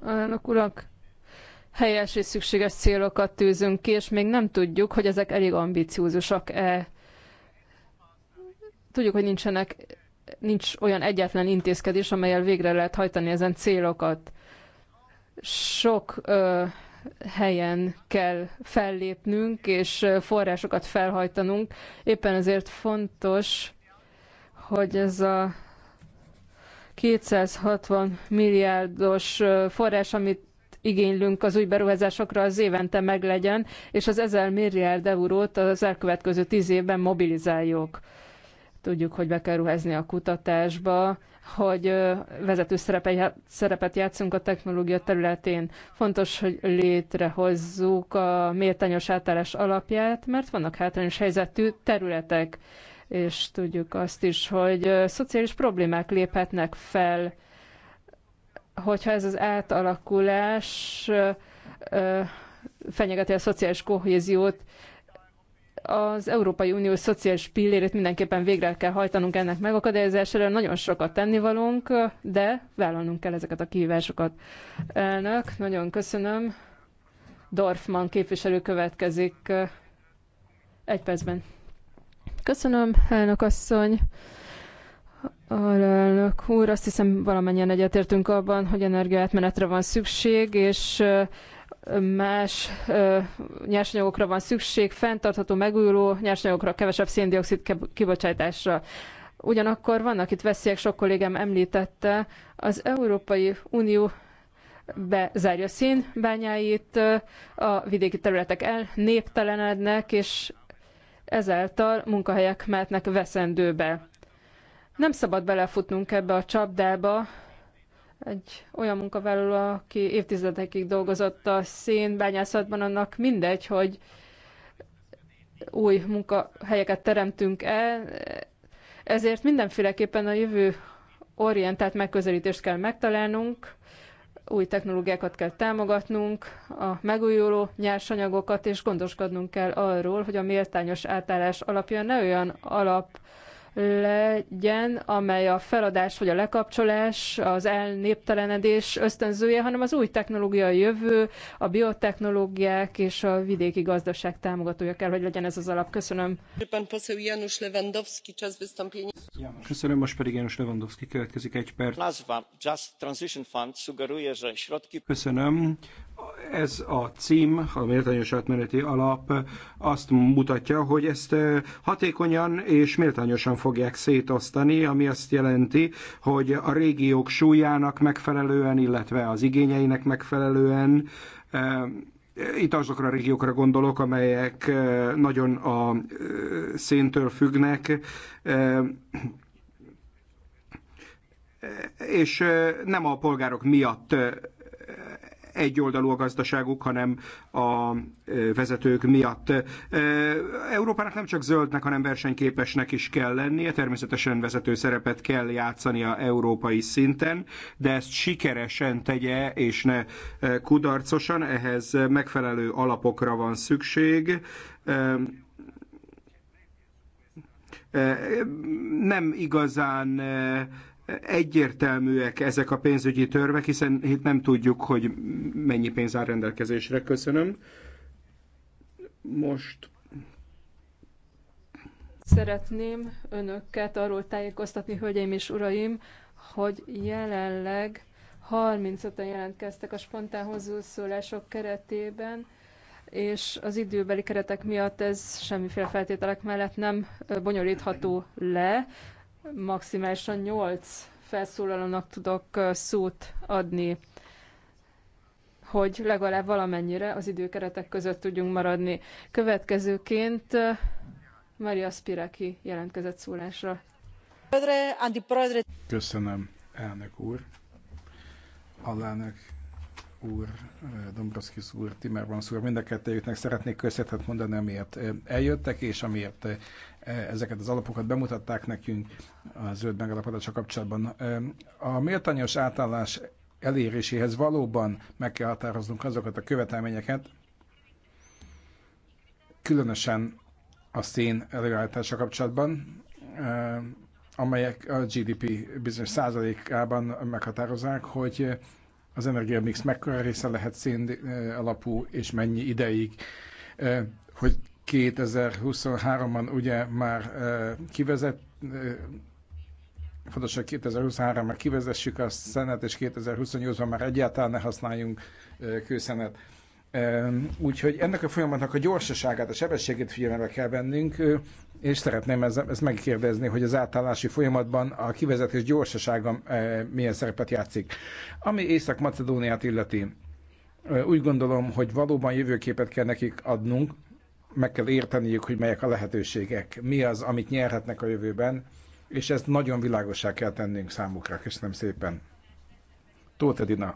[SPEAKER 1] elnök urak! helyes és szükséges célokat tűzünk ki, és még nem tudjuk, hogy ezek elég ambiciózusak-e. Tudjuk, hogy nincsenek, nincs olyan egyetlen intézkedés, amelyel végre lehet hajtani ezen célokat. Sok ö, helyen kell fellépnünk, és forrásokat felhajtanunk. Éppen ezért fontos, hogy ez a 260 milliárdos forrás, amit igénylünk az új beruházásokra, az évente meglegyen, és az 1000 milliárd eurót az elkövetkező 10 évben mobilizáljuk. Tudjuk, hogy be kell ruházni a kutatásba, hogy vezető szerepet játszunk a technológia területén. Fontos, hogy létrehozzuk a méltányos átállás alapját, mert vannak hátrányos helyzetű területek, és tudjuk azt is, hogy szociális problémák léphetnek fel, hogyha ez az átalakulás fenyegeti a szociális kohéziót, az Európai Unió szociális pillérét mindenképpen végre kell hajtanunk ennek megakadályozására. Nagyon sokat tennivalónk, de vállalnunk kell ezeket a kihívásokat. Elnök, nagyon köszönöm. Dorfman képviselő következik egy percben. Köszönöm, elnök asszony. Alelnök úr, azt hiszem valamennyien egyetértünk abban, hogy energiaátmenetre van szükség, és más nyersanyagokra van szükség, fenntartható, megújuló nyersanyagokra, kevesebb széndiokszid kibocsátásra. Ugyanakkor vannak itt veszélyek, sok kollégám említette, az Európai Unió bezárja a színbányáit, a vidéki területek elnéptelenednek, és ezáltal munkahelyek mehetnek veszendőbe. Nem szabad belefutnunk ebbe a csapdába, egy olyan munkavállaló, aki évtizedekig dolgozott a szénbányászatban, annak mindegy, hogy új munkahelyeket teremtünk el. ezért mindenféleképpen a jövő orientált megközelítést kell megtalálnunk, új technológiákat kell támogatnunk, a megújuló nyersanyagokat, és gondoskodnunk kell arról, hogy a méltányos átállás alapja ne olyan alap legyen, amely a feladás vagy a lekapcsolás, az elnéptelenedés ösztönzője, hanem az új technológia a jövő, a biotechnológiák és a vidéki gazdaság támogatója kell, hogy legyen ez az alap. Köszönöm.
[SPEAKER 4] Köszönöm, most pedig János Lewandowski következik egy perc. Köszönöm. Ez a cím, a méltányos átmeneti alap azt mutatja, hogy ezt eh, hatékonyan és méltányosan fogják szétosztani, ami azt jelenti, hogy a régiók súlyának megfelelően, illetve az igényeinek megfelelően eh, itt azokra a régiókra gondolok, amelyek eh, nagyon a eh, széntől függnek, és nem a polgárok miatt egyoldalú a gazdaságuk, hanem a vezetők miatt. Európának nem csak zöldnek, hanem versenyképesnek is kell lennie, természetesen vezető szerepet kell játszani a európai szinten, de ezt sikeresen tegye, és ne kudarcosan, ehhez megfelelő alapokra van szükség nem igazán egyértelműek ezek a pénzügyi törvek, hiszen itt nem tudjuk, hogy mennyi pénz áll rendelkezésre. Köszönöm. Most
[SPEAKER 1] Szeretném önöket arról tájékoztatni, hölgyeim és uraim, hogy jelenleg 35-en jelentkeztek a spontán hozzászólások keretében, és az időbeli keretek miatt ez semmiféle feltételek mellett nem bonyolítható le maximálisan 8 felszólalónak tudok szót adni, hogy legalább valamennyire az időkeretek között tudjunk maradni. Következőként Maria Spiraki jelentkezett szólásra.
[SPEAKER 2] Köszönöm, elnök úr, alelnök úr, eh, Dombrovskis úr, Timmermans úr, mind a kettőjüknek szeretnék köszönetet mondani, amiért eh, eljöttek, és amiért eh, ezeket az alapokat bemutatták nekünk a zöld megalapodása kapcsolatban. A méltányos átállás eléréséhez valóban meg kell határoznunk azokat a követelményeket, különösen a szén előállítása kapcsolatban, amelyek a GDP bizonyos százalékában meghatározzák, hogy az energiamix mekkora része lehet szén eh, alapú, és mennyi ideig, eh, hogy 2023-ban ugye már eh, kivezet, fontos, hogy 2023 már kivezessük a szenet, és 2028-ban már egyáltalán ne használjunk kőszenet. Úgyhogy ennek a folyamatnak a gyorsaságát, a sebességét figyelembe kell vennünk, és szeretném ezt megkérdezni, hogy az átállási folyamatban a kivezetés gyorsasága milyen szerepet játszik. Ami Észak-Macedóniát illeti, úgy gondolom, hogy valóban jövőképet kell nekik adnunk, meg kell érteniük, hogy melyek a lehetőségek, mi az, amit nyerhetnek a jövőben, és ezt nagyon világosá kell tennünk számukra. Köszönöm szépen. Tóth Edina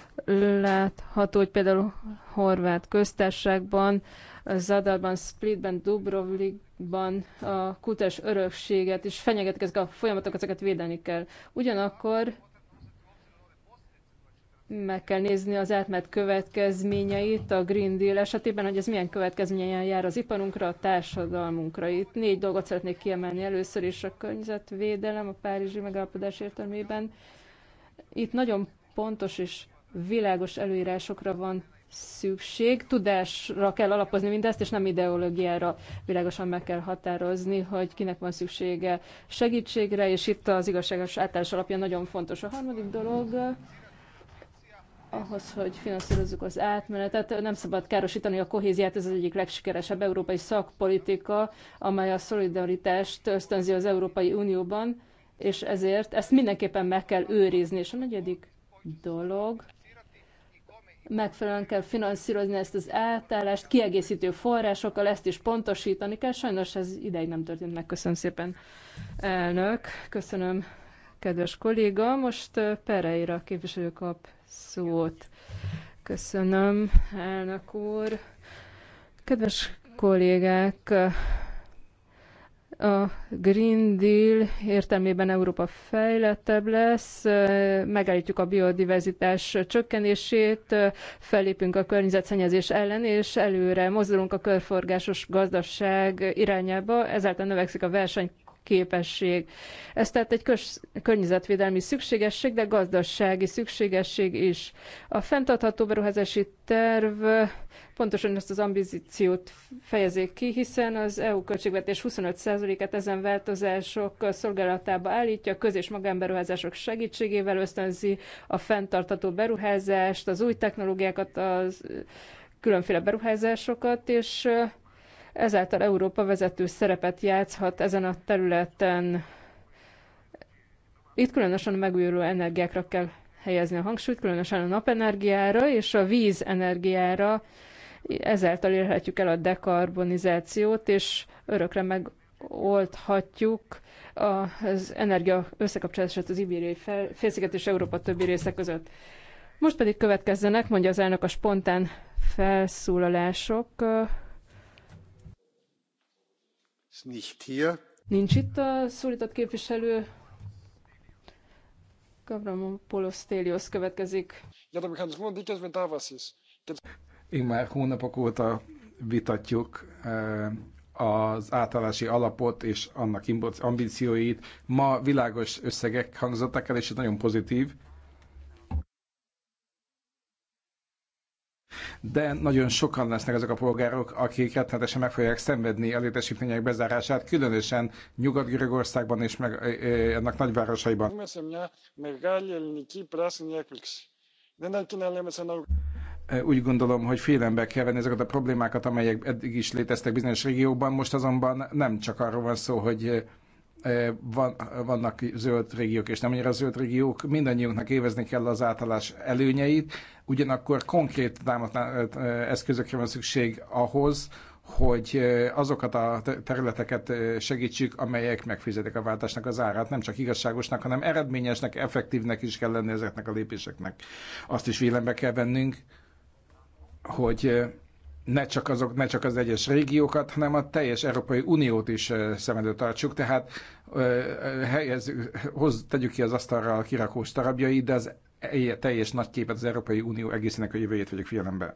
[SPEAKER 1] Látható, hogy például Horvát köztársaságban, Zadarban, Splitben, Dubrovnikban a kutás örökséget és fenyegetik ezek a folyamatok, ezeket védeni kell. Ugyanakkor meg kell nézni az átmet következményeit a Green Deal esetében, hogy ez milyen következményen jár az iparunkra, a társadalmunkra. Itt négy dolgot szeretnék kiemelni először is a környezetvédelem a Párizsi megállapodás értelmében. Itt nagyon pontos és világos előírásokra van szükség. Tudásra kell alapozni mindezt, és nem ideológiára világosan meg kell határozni, hogy kinek van szüksége segítségre, és itt az igazságos átállás alapja nagyon fontos. A harmadik dolog ahhoz, hogy finanszírozzuk az átmenetet, nem szabad károsítani a kohéziát, ez az egyik legsikeresebb európai szakpolitika, amely a szolidaritást ösztönzi az Európai Unióban, és ezért ezt mindenképpen meg kell őrizni. És a negyedik dolog, megfelelően kell finanszírozni ezt az eltállást, kiegészítő forrásokkal, ezt is pontosítani kell. Sajnos ez ideig nem történt meg. Köszönöm szépen, elnök. Köszönöm, kedves kolléga. Most Pereira képviselő kap szót. Köszönöm, elnök úr. Kedves kollégák, a Green Deal értelmében Európa fejlettebb lesz, megállítjuk a biodiverzitás csökkenését, fellépünk a környezetszennyezés ellen, és előre mozdulunk a körforgásos gazdaság irányába, ezáltal növekszik a verseny képesség. Ez tehát egy környezetvédelmi szükségesség, de gazdasági szükségesség is. A fenntartható beruházási terv pontosan ezt az ambíciót fejezik ki, hiszen az EU költségvetés 25%-et ezen változások szolgálatába állítja, köz- és magánberuházások segítségével ösztönzi a fenntartható beruházást, az új technológiákat, az különféle beruházásokat, és Ezáltal Európa vezető szerepet játszhat ezen a területen. Itt különösen a megújuló energiákra kell helyezni a hangsúlyt, különösen a napenergiára és a vízenergiára. Ezáltal érhetjük el a dekarbonizációt, és örökre megoldhatjuk az energia összekapcsolását az ibériai félsziget és Európa többi része között. Most pedig következzenek, mondja az elnök a spontán felszólalások. Nincs itt a szólított képviselő. Gavramopoulos Télios következik.
[SPEAKER 2] Én már hónapok óta vitatjuk eh, az átállási alapot és annak ambícióit. Ma világos összegek hangzottak el, és ez nagyon pozitív. de nagyon sokan lesznek ezek a polgárok, akik rettenetesen meg fogják szenvedni a létesítmények bezárását, különösen Nyugat-Görögországban és meg, ennek nagyvárosaiban. Úgy gondolom, hogy félembe kell venni ezeket a problémákat, amelyek eddig is léteztek bizonyos régióban, most azonban nem csak arról van szó, hogy Eh, van, vannak zöld régiók és nem annyira zöld régiók, mindannyiunknak évezni kell az átállás előnyeit, ugyanakkor konkrét eh, eszközökre van szükség ahhoz, hogy eh, azokat a területeket segítsük, amelyek megfizetik a váltásnak az árát. Nem csak igazságosnak, hanem eredményesnek, effektívnek is kell lenni ezeknek a lépéseknek. Azt is vélembe kell vennünk, hogy ne csak, azok, ne csak az egyes régiókat, hanem a teljes Európai Uniót is szem előtt tartsuk, tehát helyezzük, hoz, tegyük ki az asztalra a kirakós darabjait, de az e-, teljes nagy képet az Európai Unió egészének a jövőjét vegyük figyelembe.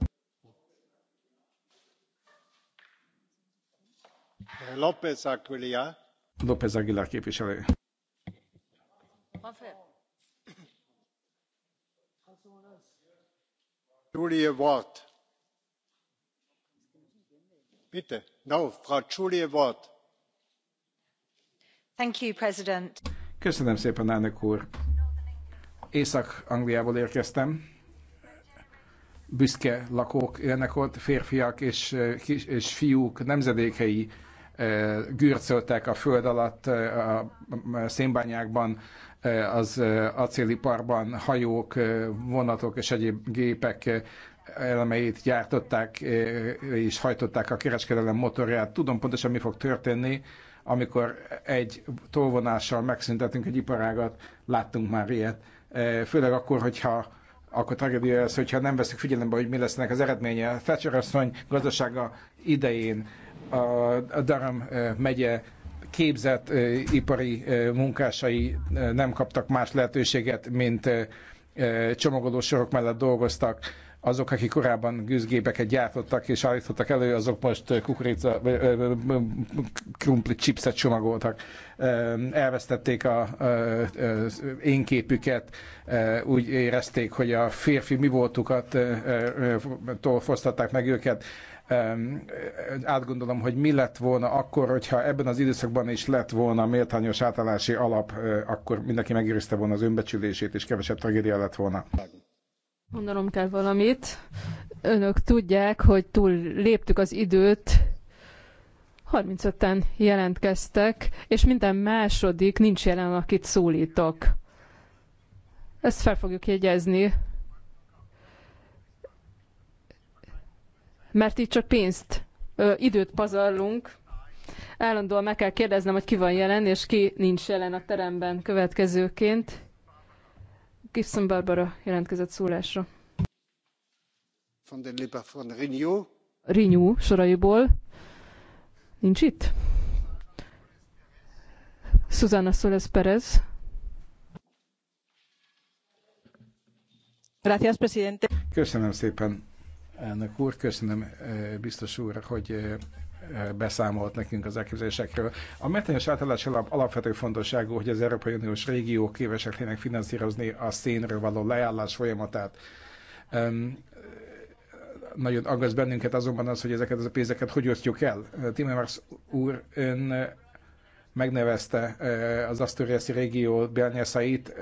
[SPEAKER 2] López
[SPEAKER 5] Aguilar.
[SPEAKER 2] López Aguilar képviselő.
[SPEAKER 5] Julia Watt
[SPEAKER 2] Köszönöm szépen, elnök úr. Észak-Angliából érkeztem. Büszke lakók élnek ott, férfiak és, és fiúk nemzedékei gürcöltek a föld alatt, a szénbányákban, az acéliparban, hajók, vonatok és egyéb gépek elemeit gyártották és hajtották a kereskedelem motorját. Tudom pontosan, mi fog történni, amikor egy tolvonással megszüntetünk egy iparágat, láttunk már ilyet. Főleg akkor, hogyha akkor tragédia ez, hogyha nem veszük figyelembe, hogy mi lesznek az eredménye. Thatcher asszony gazdasága idején a, a Durham megye képzett ipari munkásai nem kaptak más lehetőséget, mint sorok mellett dolgoztak azok, akik korábban gőzgépeket gyártottak és állítottak elő, azok most eh, kukorica, eh, eh, krumpli chipset csomagoltak. Elvesztették a, a, a én képüket, úgy érezték, hogy a férfi mi voltukat fosztatták meg őket átgondolom, hogy mi lett volna akkor, hogyha ebben az időszakban is lett volna méltányos átállási alap, akkor mindenki megőrizte volna az önbecsülését, és kevesebb tragédia lett volna.
[SPEAKER 1] Mondanom kell valamit. Önök tudják, hogy túl léptük az időt, 35-en jelentkeztek, és minden második nincs jelen, akit szólítok. Ezt fel fogjuk jegyezni. Mert itt csak pénzt, ö, időt pazarlunk. Állandóan meg kell kérdeznem, hogy ki van jelen, és ki nincs jelen a teremben következőként. Gibson Barbara jelentkezett szólásra. Von den Lipa von soraiból. Nincs itt? Susana Soles Perez. Gracias,
[SPEAKER 5] presidente.
[SPEAKER 2] Köszönöm szépen, elnök úr, köszönöm eh, biztos úr, hogy eh, beszámolt nekünk az elképzelésekről. A metányos átállás alap, alapvető fontosságú, hogy az Európai Uniós régiók képesek lének finanszírozni a szénről való leállás folyamatát. Um, nagyon aggaszt bennünket azonban az, hogy ezeket az a pénzeket hogy osztjuk el. Timmermans úr, ön megnevezte az Asturiasi régió bányászait,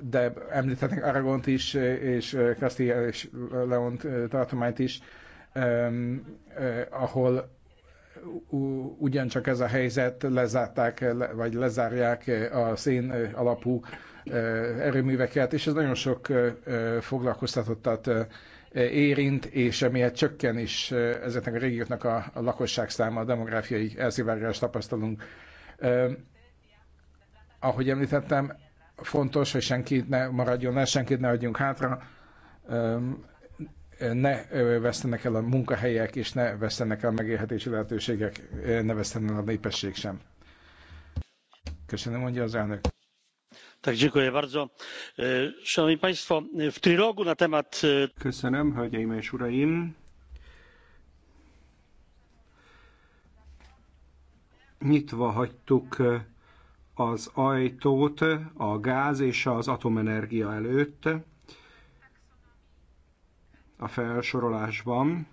[SPEAKER 2] de említhetnek Aragont is, és Castilla és Leont tartományt is, ahol ugyancsak ez a helyzet, lezárták, vagy lezárják e, a szén e, alapú e, erőműveket, és ez nagyon sok foglalkoztatottat érint, és emiatt csökken is ezeknek a régióknak a, lakosság száma, a demográfiai elszivárgást tapasztalunk. Ahogy említettem, fontos, hogy senkit ne maradjon le, senkit ne adjunk hátra ne vesztenek el a munkahelyek, és ne vesztenek el a megélhetési lehetőségek, ne vesztenek el a népesség sem. Köszönöm, mondja az elnök.
[SPEAKER 3] Tak, dziękuję bardzo. E, szanowni Państwo, w
[SPEAKER 4] trilogu na temat... E, Köszönöm, hölgyeim és uraim. Nyitva hagytuk e, az ajtót a gáz és az atomenergia előtt a felsorolásban,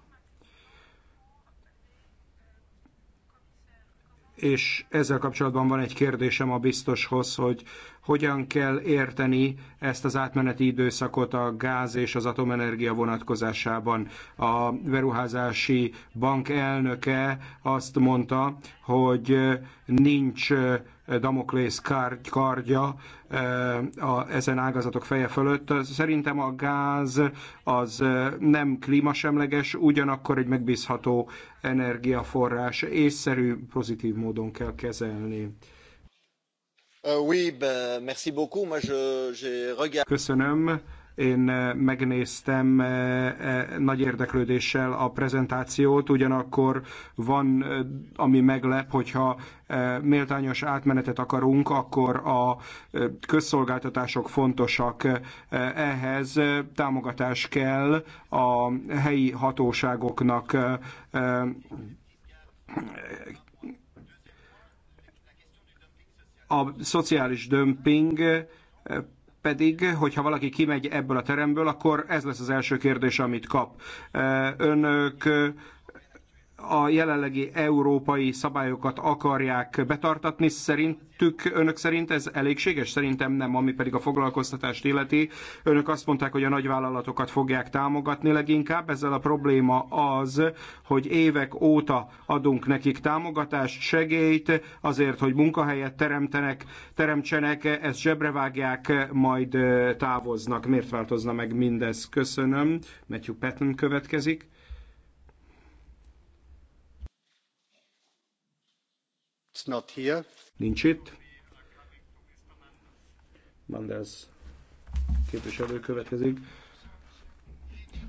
[SPEAKER 4] és ezzel kapcsolatban van egy kérdésem a biztoshoz, hogy hogyan kell érteni ezt az átmeneti időszakot a gáz és az atomenergia vonatkozásában. A beruházási bank elnöke azt mondta, hogy nincs Damoklész kardja eh, a, ezen ágazatok feje fölött. Szerintem a gáz az eh, nem klímasemleges, ugyanakkor egy megbízható energiaforrás. Észszerű, pozitív módon kell kezelni. Euh, Köszönöm én eh, megnéztem eh, eh, nagy érdeklődéssel a prezentációt, ugyanakkor van, ami meglep, hogyha méltányos átmenetet akarunk, akkor a közszolgáltatások fontosak. Ehhez támogatás kell a helyi hatóságoknak a szociális dömping pedig, hogyha valaki kimegy ebből a teremből, akkor ez lesz az első kérdés, amit kap. Önök a jelenlegi európai szabályokat akarják betartatni. Szerintük, önök szerint ez elégséges? Szerintem nem, ami pedig a foglalkoztatást illeti. Önök azt mondták, hogy a nagyvállalatokat fogják támogatni leginkább. Ezzel a probléma az, hogy évek óta adunk nekik támogatást, segélyt, azért, hogy munkahelyet teremtenek, teremtsenek, ezt zsebrevágják, majd eh, távoznak. Miért változna meg mindez? Köszönöm. Matthew Patton következik. Nincs itt. Manders képviselő következik.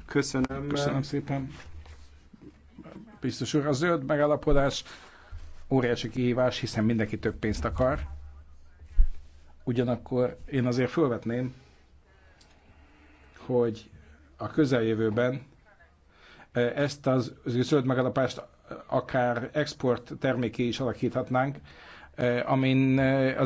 [SPEAKER 2] Köszönöm. Köszönöm szépen. Biztos úr, a zöld megállapodás óriási kihívás, hiszen mindenki több pénzt akar. Ugyanakkor én azért felvetném, hogy a közeljövőben eh, ezt az zöld megalapást akár export terméké is alakíthatnánk, eh, amin eh, az